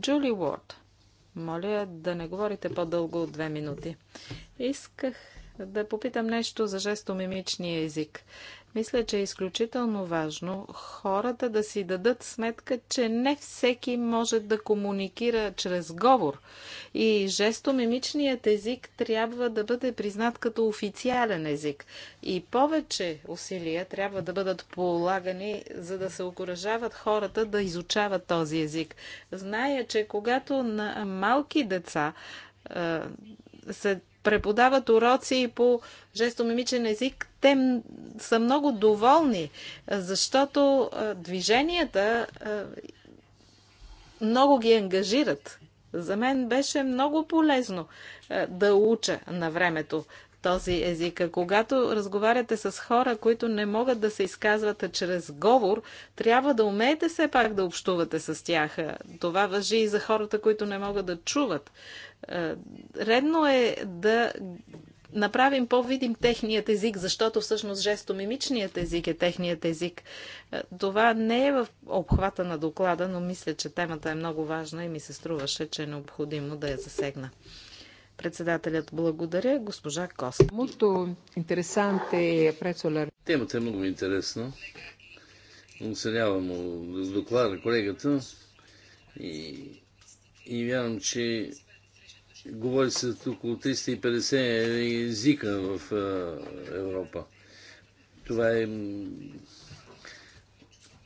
Джули Уорд, моля да не говорите по-дълго от две минути. Исках да попитам нещо за жестомимичния език. Мисля, че е изключително важно хората да си дадат сметка, че не всеки може да комуникира чрез говор. И жестомимичният език трябва да бъде признат като официален език. И повече усилия трябва да бъдат полагани, за да се окоръжават хората да изучават този език. Зная, че когато на малки деца се преподават уроци по жестомимичен език, те са много доволни, защото движенията много ги ангажират. За мен беше много полезно да уча на времето, този език. А когато разговаряте с хора, които не могат да се изказват чрез говор, трябва да умеете все пак да общувате с тях. Това въжи и за хората, които не могат да чуват. Е, редно е да направим по-видим техният език, защото всъщност жестомимичният език е техният език. Е, това не е в обхвата на доклада, но мисля, че темата е много важна и ми се струваше, че е необходимо да я засегна. Председателят благодаря, госпожа Коска. Темата е много интересна. Оценявам доклада колегата и, и вярвам, че говори се тук около 350 езика в Европа. Това е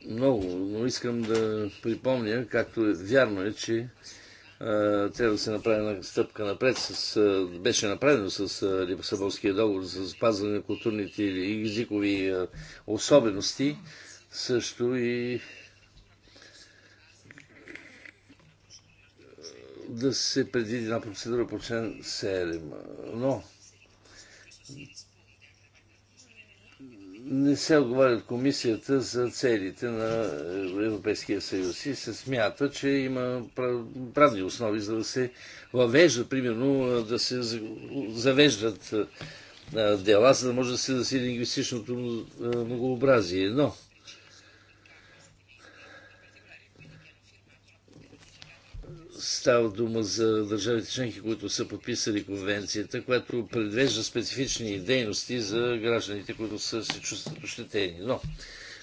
много, но искам да припомня, както е вярно е, че е, трябва да се направи на стъпка напред. С, е, беше направено с е, Липсабонския договор за запазване на културните и езикови особености. Също и да се предвиди една процедура по член 7. Но не се отговарят комисията за целите на Европейския съюз и се смята, че има правни основи за да се въвежда, примерно да се завеждат дела, за да може да се засили лингвистичното многообразие. Но става дума за държавите членки, които са подписали конвенцията, която предвежда специфични дейности за гражданите, които са се чувстват ощетени. Но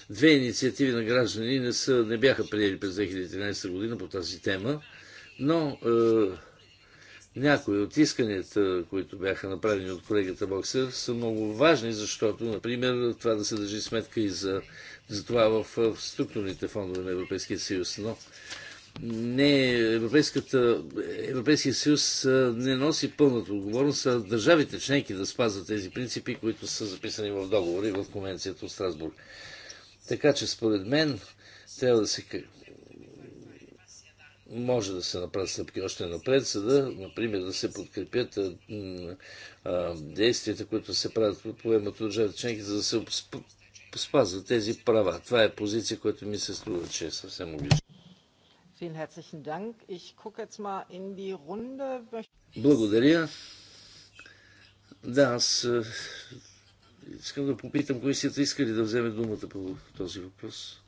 две инициативи на граждани не, са, не бяха приели през 2013 година по тази тема, но е, някои от исканията, които бяха направени от колегата Боксер, са много важни, защото, например, това да се държи сметка и за, за това в, в структурните фондове на Европейския съюз. Но не Европейската, Европейския съюз не носи пълната отговорност, а държавите членки да спазват тези принципи, които са записани в договори и в Конвенцията от Страсбург. Така че според мен трябва да се може да се направят стъпки още напред, за да, например, да се подкрепят а, а, действията, които се правят по поемат от държавите членки, за да се спазват тези права. Това е позиция, която ми се струва, че е съвсем обична. Благодаря. Да, аз е, искам да попитам комисията иска искали да вземе думата по този въпрос.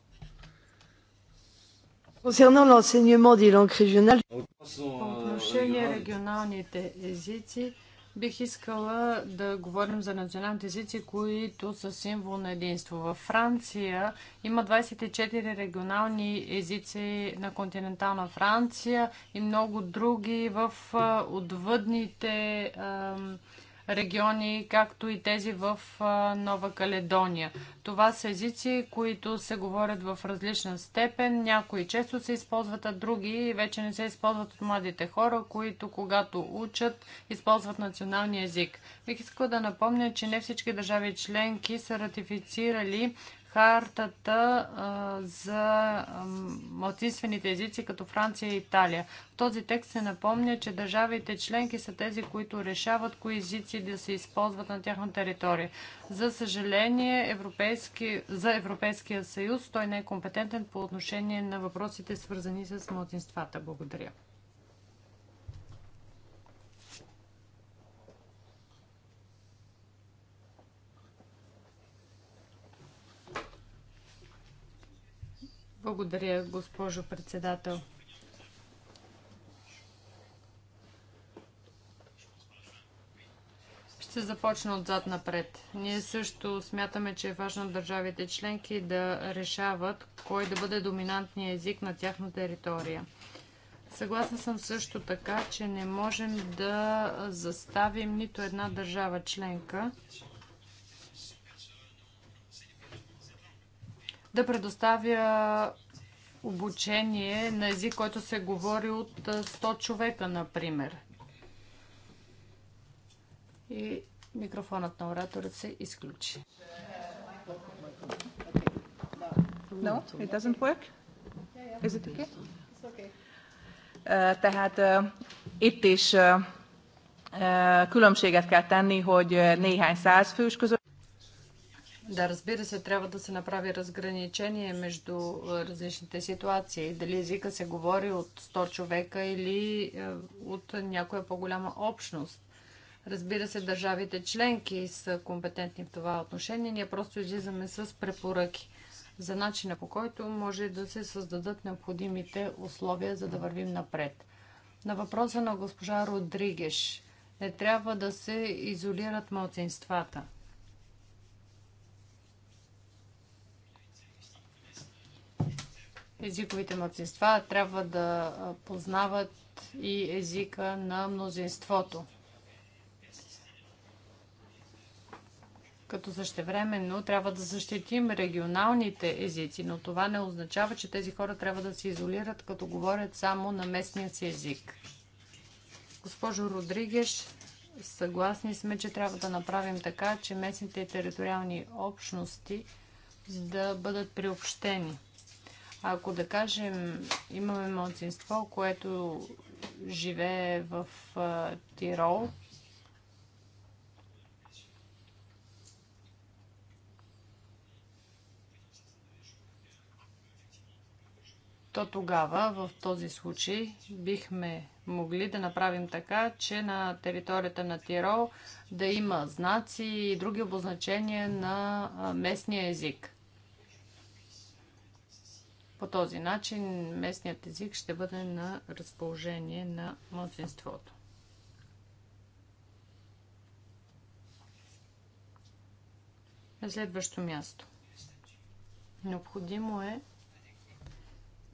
Concernant l'enseignement des langues régionales, е, По отношение регионалните езици, Бих искала да говорим за националните езици, които са символ на единство. Във Франция има 24 регионални езици на континентална Франция и много други в отвъдните региони, както и тези в Нова Каледония. Това са езици, които се говорят в различна степен. Някои често се използват, а други вече не се използват от младите хора, които когато учат, използват националния език. Бих искала да напомня, че не всички държави членки са ратифицирали хартата а, за а, езици като Франция и Италия. В този текст се напомня, че държавите членки са тези, които решават кои езици да се използват на тяхна територия. За съжаление, европейски, за Европейския съюз той не е компетентен по отношение на въпросите свързани с младсинствата. Благодаря. Благодаря, госпожо председател. Ще започна отзад напред. Ние също смятаме, че е важно държавите членки да решават кой да бъде доминантния език на тяхна територия. Съгласна съм също така, че не можем да заставим нито една държава членка да предоставя обучение на език, който се говори от 100 човека, например. И микрофонът на ораторът се изключи. No, it doesn't work. Is it okay? It's okay. Uh, tehát uh, itt is uh, különbséget kell tenni, hogy néhány száz fős között. Да, разбира се, трябва да се направи разграничение между различните ситуации. Дали езика се говори от 100 човека или от някоя по-голяма общност. Разбира се, държавите членки са компетентни в това отношение. Ние просто излизаме с препоръки за начина по който може да се създадат необходимите условия, за да вървим напред. На въпроса на госпожа Родригеш не трябва да се изолират малцинствата. езиковите младсинства трябва да познават и езика на мнозинството. Като същевременно трябва да защитим регионалните езици, но това не означава, че тези хора трябва да се изолират, като говорят само на местния си език. Госпожо Родригеш, съгласни сме, че трябва да направим така, че местните и териториални общности да бъдат приобщени. Ако да кажем, имаме младсинство, което живее в а, Тирол, то тогава в този случай бихме могли да направим така, че на територията на Тирол да има знаци и други обозначения на местния език. По този начин местният език ще бъде на разположение на младсинството. На следващо място. Необходимо е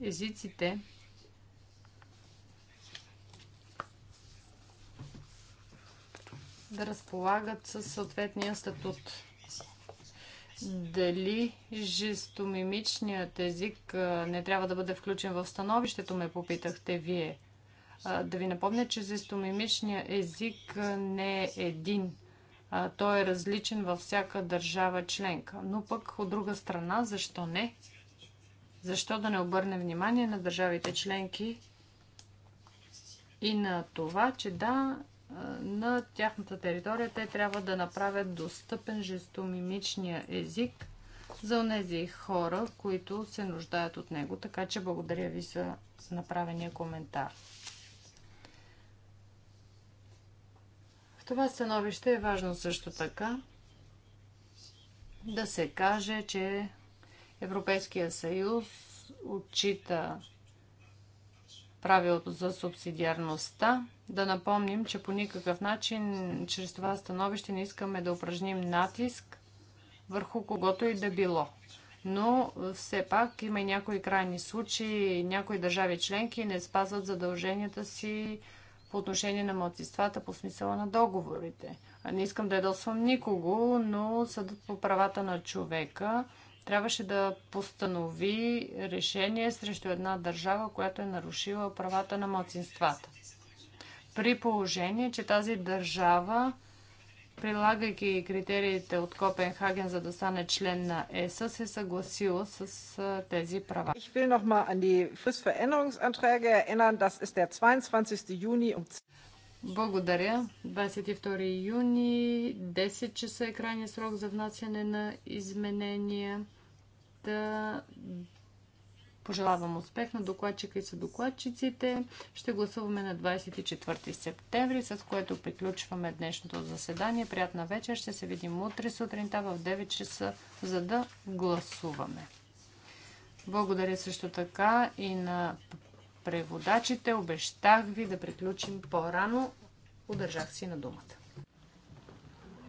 езиците да разполагат със съответния статут. Дали жестомимичният език не трябва да бъде включен в становището, ме попитахте вие. Да ви напомня, че жестомимичният език не е един. Той е различен във всяка държава членка. Но пък от друга страна, защо не? Защо да не обърне внимание на държавите членки и на това, че да, на тяхната територия те трябва да направят достъпен жестомимичния език за тези хора, които се нуждаят от него. Така че благодаря ви за направения коментар. В това становище е важно също така да се каже, че Европейския съюз отчита правилото за субсидиарността. Да напомним, че по никакъв начин чрез това становище не искаме да упражним натиск върху когото и да било. Но все пак има и някои крайни случаи, някои държави членки не спазват задълженията си по отношение на младсиствата по смисъла на договорите. Не искам да ядосвам никого, но съдът по правата на човека трябваше да постанови решение срещу една държава, която е нарушила правата на младсинствата. При положение, че тази държава, прилагайки критериите от Копенхаген, за да стане член на ЕСА, се съгласила с тези права. Ich will noch mal an die Fristveränderungsanträge erinnern. Das ist der 22. Juni um благодаря. 22 юни, 10 часа е крайния срок за внасяне на изменения да пожелавам успех на докладчика и съдокладчиците. Ще гласуваме на 24 септември, с което приключваме днешното заседание. Приятна вечер. Ще се видим утре сутринта в 9 часа, за да гласуваме. Благодаря също така и на преводачите. Обещах ви да приключим по-рано. Удържах си на думата.